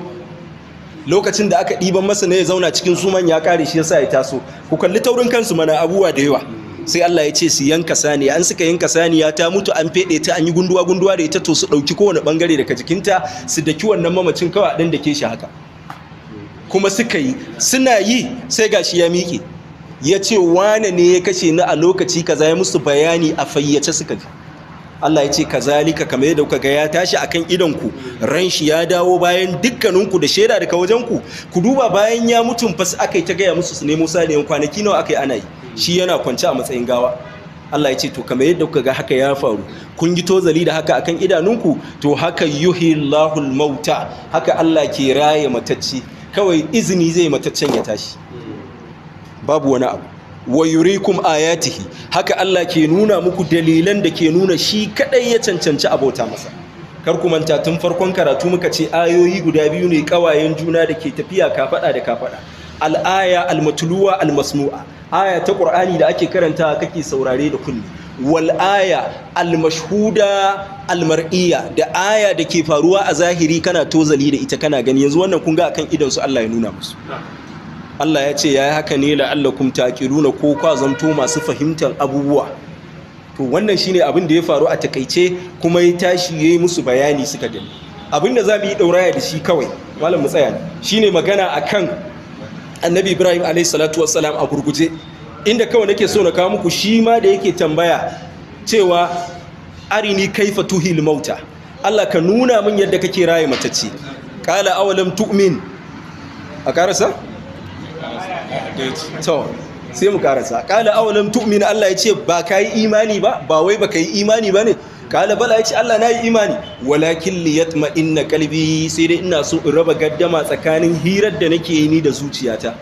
lokacin da aka ɗiban masa ne ya zauna cikin suman ya kare shi yasa ya taso ku kalli taurin kansu mana abuwa da yawa sai Allah ya ce su yanka saniya an suka yanka saniya ta mutu an fede ta an yi gunduwa gunduwa da ita to su ɗauki kowane bangare daga jikinta su daki wannan mamacin kawai da ke shi haka kuma suka yi suna yi sai gashi ya miƙe ya ce wane ne ya kashe ni a lokaci kaza ya musu bayani a fayyace suka ji Allah ya ce kazalika kamar yadda kuka ga ya tashi akan idanku ran shi ya dawo bayan dukkaninku da shaida daga wajen ku ku duba bayan ya mutum fas aka yi ta gaya musu su nemo saniyan kwanaki nawa aka yi ana yi shi yana kwance a matsayin gawa Allah ya ce to kamar yadda kuka ga haka ya faru kun yi tozali da haka akan idanunku to haka yuhillahu mauta haka Allah ke raye matacci kawai izini zai mataccen ya tashi babu wani abu wa yurikum ayatihi haka Allah ke nuna muku dalilan da ke nuna shi kadai ya cancanci abota masa kar ku manta tun farkon karatu muka ce ayoyi guda biyu ne kawayen juna da ke tafiya fada da ka fada al'aya almatuluwa almasnu'a aya ta ƙur'ani da ake karanta kake saurare da kunne Wal'aya, almashuda, almar'iya. da aya da ke faruwa a zahiri kana tozali da ita kana gani yanzu wannan kun ga akan idansu su Allah ya nuna musu Allah ya ce ya yi haka ne la'allakum nuna ko kwa zamto masu fahimtar abubuwa to wannan shi ne abin da ya faru a takaice kuma ya tashi ya yi musu bayani suka gani abin da za mu yi ɗauraya da shi kawai malam mu tsaya ne magana a kan. annabi ibrahim alaihi wassalam a gurguje inda kawai nake so na kawo muku shi ma da yake tambaya cewa arini kaifa tuhil mauta Allah ka nuna min yadda kake raye matacce kala awalam tu'min a karasa to sai mu karasa kala awalam tu'min Allah ya ce ba kai imani ba ba wai ba yi imani ba ne kala bala ya ce Allah na yi imani walakin Liyat inna kalbi sai dai ina so in raba gaddama tsakanin hirar da nake yi ni da zuciyata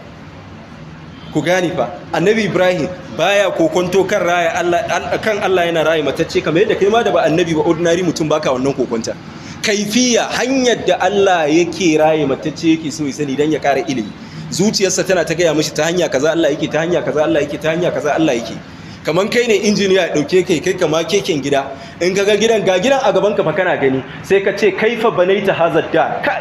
ku gani fa annabi ibrahim baya kokonto kan raya Allah kan Allah yana rayi matacce kamar yadda kai ma da ba annabi ba ordinary mutum baka wannan kokonta kaifiya hanyar da Allah yake raye matacce yake so ya sani dan ya kara ilimi zuciyarsa tana ta gaya mishi ta hanya kaza Allah yake ta hanya kaza Allah yake ta hanya kaza Allah yake kamar kai ne injiniya ya ɗauke kai kai kama keken gida in ka ga gidan ga gidan a gaban ka fa kana gani sai ka ce kaifa banaita hazard da ta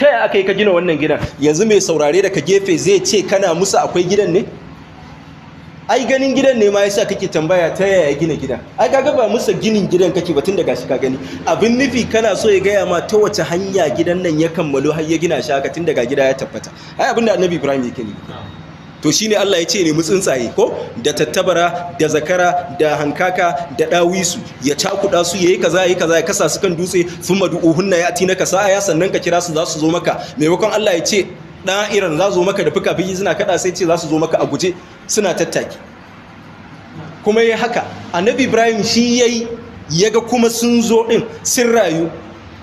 yaya aka yi ka gina wannan gidan yanzu mai saurare daga gefe zai ce kana musu akwai gidan ne ai ganin gidan ne ma yasa kake tambaya ta yaya gina gidan ai kaga ba musa ginin gidan kake batun da gashi ka gani abin nufi kana so ya gaya ma ta wace hanya gidan nan ya kammalo har ya gina shi haka tun daga gida ya tabbata ai abin da annabi ibrahim yake ne to shine Allah ya ce nemi tsuntsaye ko da tattabara da zakara da hankaka da ɗawisu ya cakuɗa su yayi kaza yayi kaza ya kasa su kan dutse sun thumma du'uhunna ya'ti kasa sa'a sannan ka kira su za su zo maka maimakon Allah ya ce ɗa'iran za zo maka da fuka fiki suna kaɗa sai ce za su zo maka a guje suna tattaki kuma ya haka annabi ibrahim shi yayi ya ga kuma sun zo ɗin sun rayu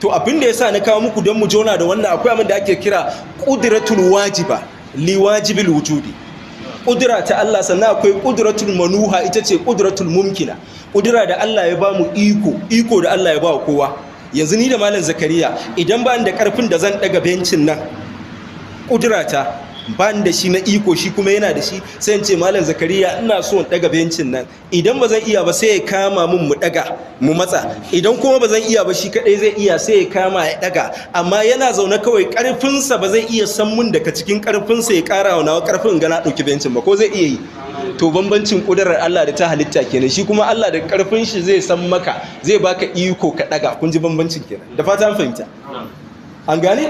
to abin da ya sa na kawo muku don mu jona da wannan akwai abin da ake kira ƙudiratul wajiba liwajibil wujudi ƙudura ta Allah sannan akwai ƙuduratul manuha ita ce ƙuduratul mumkina ƙudura da Allah ya ba mu iko iko da Allah ya ba kowa yanzu ni da malam zakariya idan ba da ƙarfin da zan ɗaga bencin nan ƙudura ta ban da shi na iko shi kuma yana da shi sai ce malam zakariya ina so in daga bencin nan idan ba zan iya ba sai ya kama min mu daga mu matsa idan kuma ba zan iya ba shi kadai zai iya sai ya kama ya daga amma yana zaune kawai karfinsa ba zai iya san mun daga cikin karfinsa ya kara wa nawa karfin ga na dauki bencin ba ko zai iya yi to bambancin kudurar Allah da ta halitta kenan shi kuma Allah da karfin shi zai san maka zai baka iko ka daga kun ji bambancin kenan da fata an fahimta an gane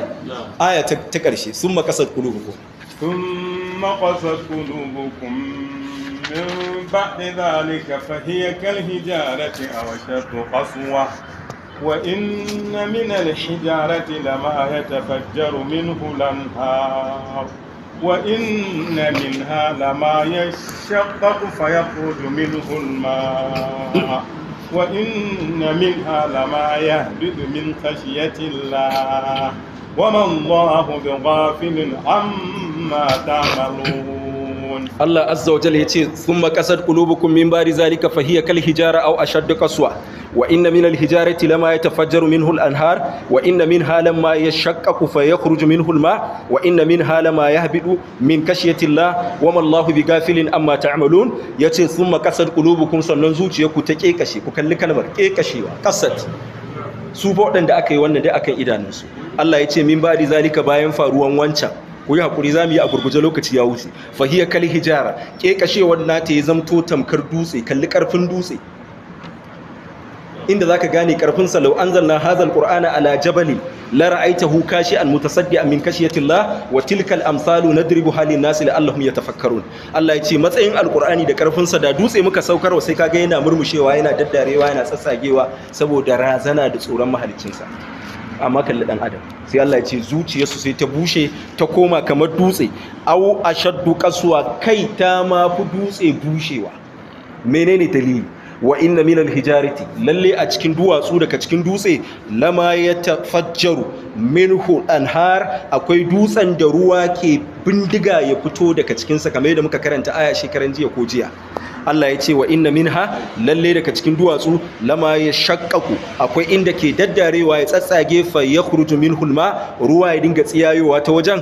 aya ta karshe sun makasar kulubu ثم قست قلوبكم من بعد ذلك فهي كالهجارة أو أشد قسوة وإن من الحجارة لما يتفجر منه الأنهار وإن منها لما يشقق فيخرج منه الماء وإن منها لما يهبط من خشية الله وما الله بغافل عما Allah azza wa jalla yace thumma kasad qulubukum min ba'di zalika fa hiya kal hijara aw ashadd qaswa wa inna min al hijarati lama yatafajjaru minhu al anhar wa inna minha lama yashaqqaqu fa yakhruju minhu al ma' wa inna minha lama yahbidu min kashyati Allah wa ma Allahu bighafilin amma ta'malun yace thumma kasad qulubukum sannan zuciyarku ta kekashe ku kalli kalmar kekashewa kasad su bo dan da aka yi wannan dai akan idanunsu Allah yace min ba'di zalika bayan faruwan wancan ku yi hakuri zamu yi a gurguje lokaci ya wuce fahiyar kal hijara kekashewar ta ya zamto tamkar dutse kalli karfin dutse inda zaka gane karfin sa law anzalna hadha alqur'ana ala jabalin la Kashi, kashi'an mutasaddian min kashiyatillah wa tilkal amsalu nadribu halin nas la'allahum yatafakkarun Allah yace matsayin alqur'ani da karfin da dutse muka saukarwa sai kaga yana murmushewa yana daddarewa yana tsatsagewa saboda razana da tsoron mahalicin amma kalli dan adam sai Allah ya ce su sai ta bushe ta koma kamar dutse au ashaddu qaswa kai ta ma fi dutse bushewa menene dalili wa inna minal hijarati lalle a cikin duwatsu daga cikin dutse lama ya tafajjaru minhu anhar akwai dutsen da ruwa ke bindiga ya fito daga cikinsa kamar yadda muka karanta aya shekaran jiya ko jiya Allah ya ce wa inna minha lalle daga cikin duwatsu lama ya shakkaku akwai inda ke daddarewa ya tsatsage fa ya khruju minhu alma ruwa ya dinga tsiyayowa ta wajen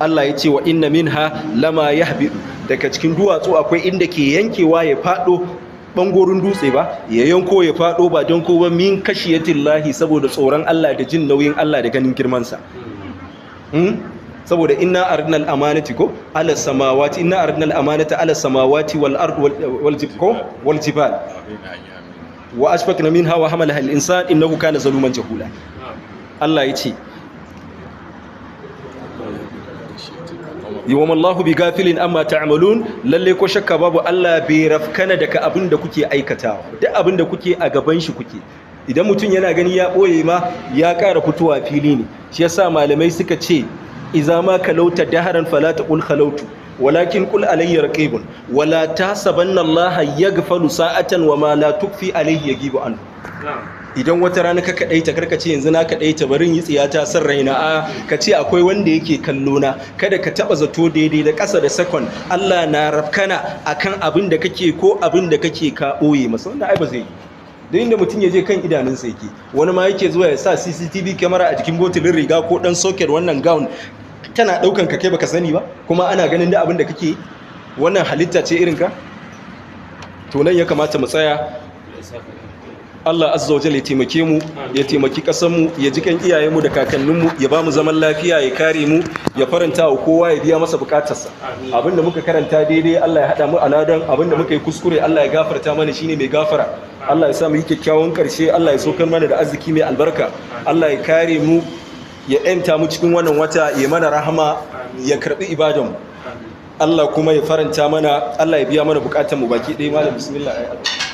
Allah ya ce wa inna minha lama yahbi daga cikin duwatsu akwai inda ke yankewa ya fado bangorin dutse ba ya yanko ya fado ba don ko ba min lahi saboda tsoron Allah da jin nauyin Allah da ganin girman sa hmm? saboda inna arnal amanati ko ala samawati inna arnal amanata ala samawati wal ard wal jibko wal jibal wa asfakna minha wa hamalaha al insan innahu kana zaluman jahula Allah yace wa mallahu bi gafilin amma ta'amalun lalle ko shakka babu Allah bai rafkana daga abin da kuke aikata duk abin da kuke a gaban shi kuke idan mutum yana gani ya ɓoye ma ya ƙara fitowa fili ne shi yasa malamai suka ce iza ma kalauta daharan fala taqul khalautu walakin qul alayya raqibun wala tasabanna Allah yaghfalu sa'atan wa ma la tukfi alayhi yagibu anhu idan wata rana ka kaɗaita karka ce yanzu na kaɗaita barin yi tsiyata son raina a ka ce akwai wanda yake kallo na kada ka taba zato daidai da kasa da sakon Allah na rafkana akan abin da kake ko abin da kake ka ɓoye masa wanda ai ba zai yi don inda mutum ya je kan idanunsa yake wani ma yake zuwa ya sa cctv kamara a jikin botulin riga ko ɗan soket, wannan gown tana ɗaukan ka kai baka sani ba kuma ana ganin da abin da kake wannan halitta ce ka? to nan ya kamata mu tsaya Allah azza wa ya taimake mu ya taimaki kasar mu ya jikan iyayen mu da kakannin mu ya ba mu zaman lafiya ya kare mu ya faranta wa kowa ya biya masa bukatarsa abinda muka karanta daidai Allah ya hada mu aladan abinda muka yi kuskure Allah ya gafarta mana shine mai gafara Allah ya sa mu yi kyakkyawan karshe Allah ya sokar mana da arziki mai albarka Allah ya kare mu ya yanta mu cikin wannan wata ya mana rahama ya karbi ibadan mu Allah kuma ya faranta mana Allah ya biya mana bukatun mu baki ɗaya malam bismillah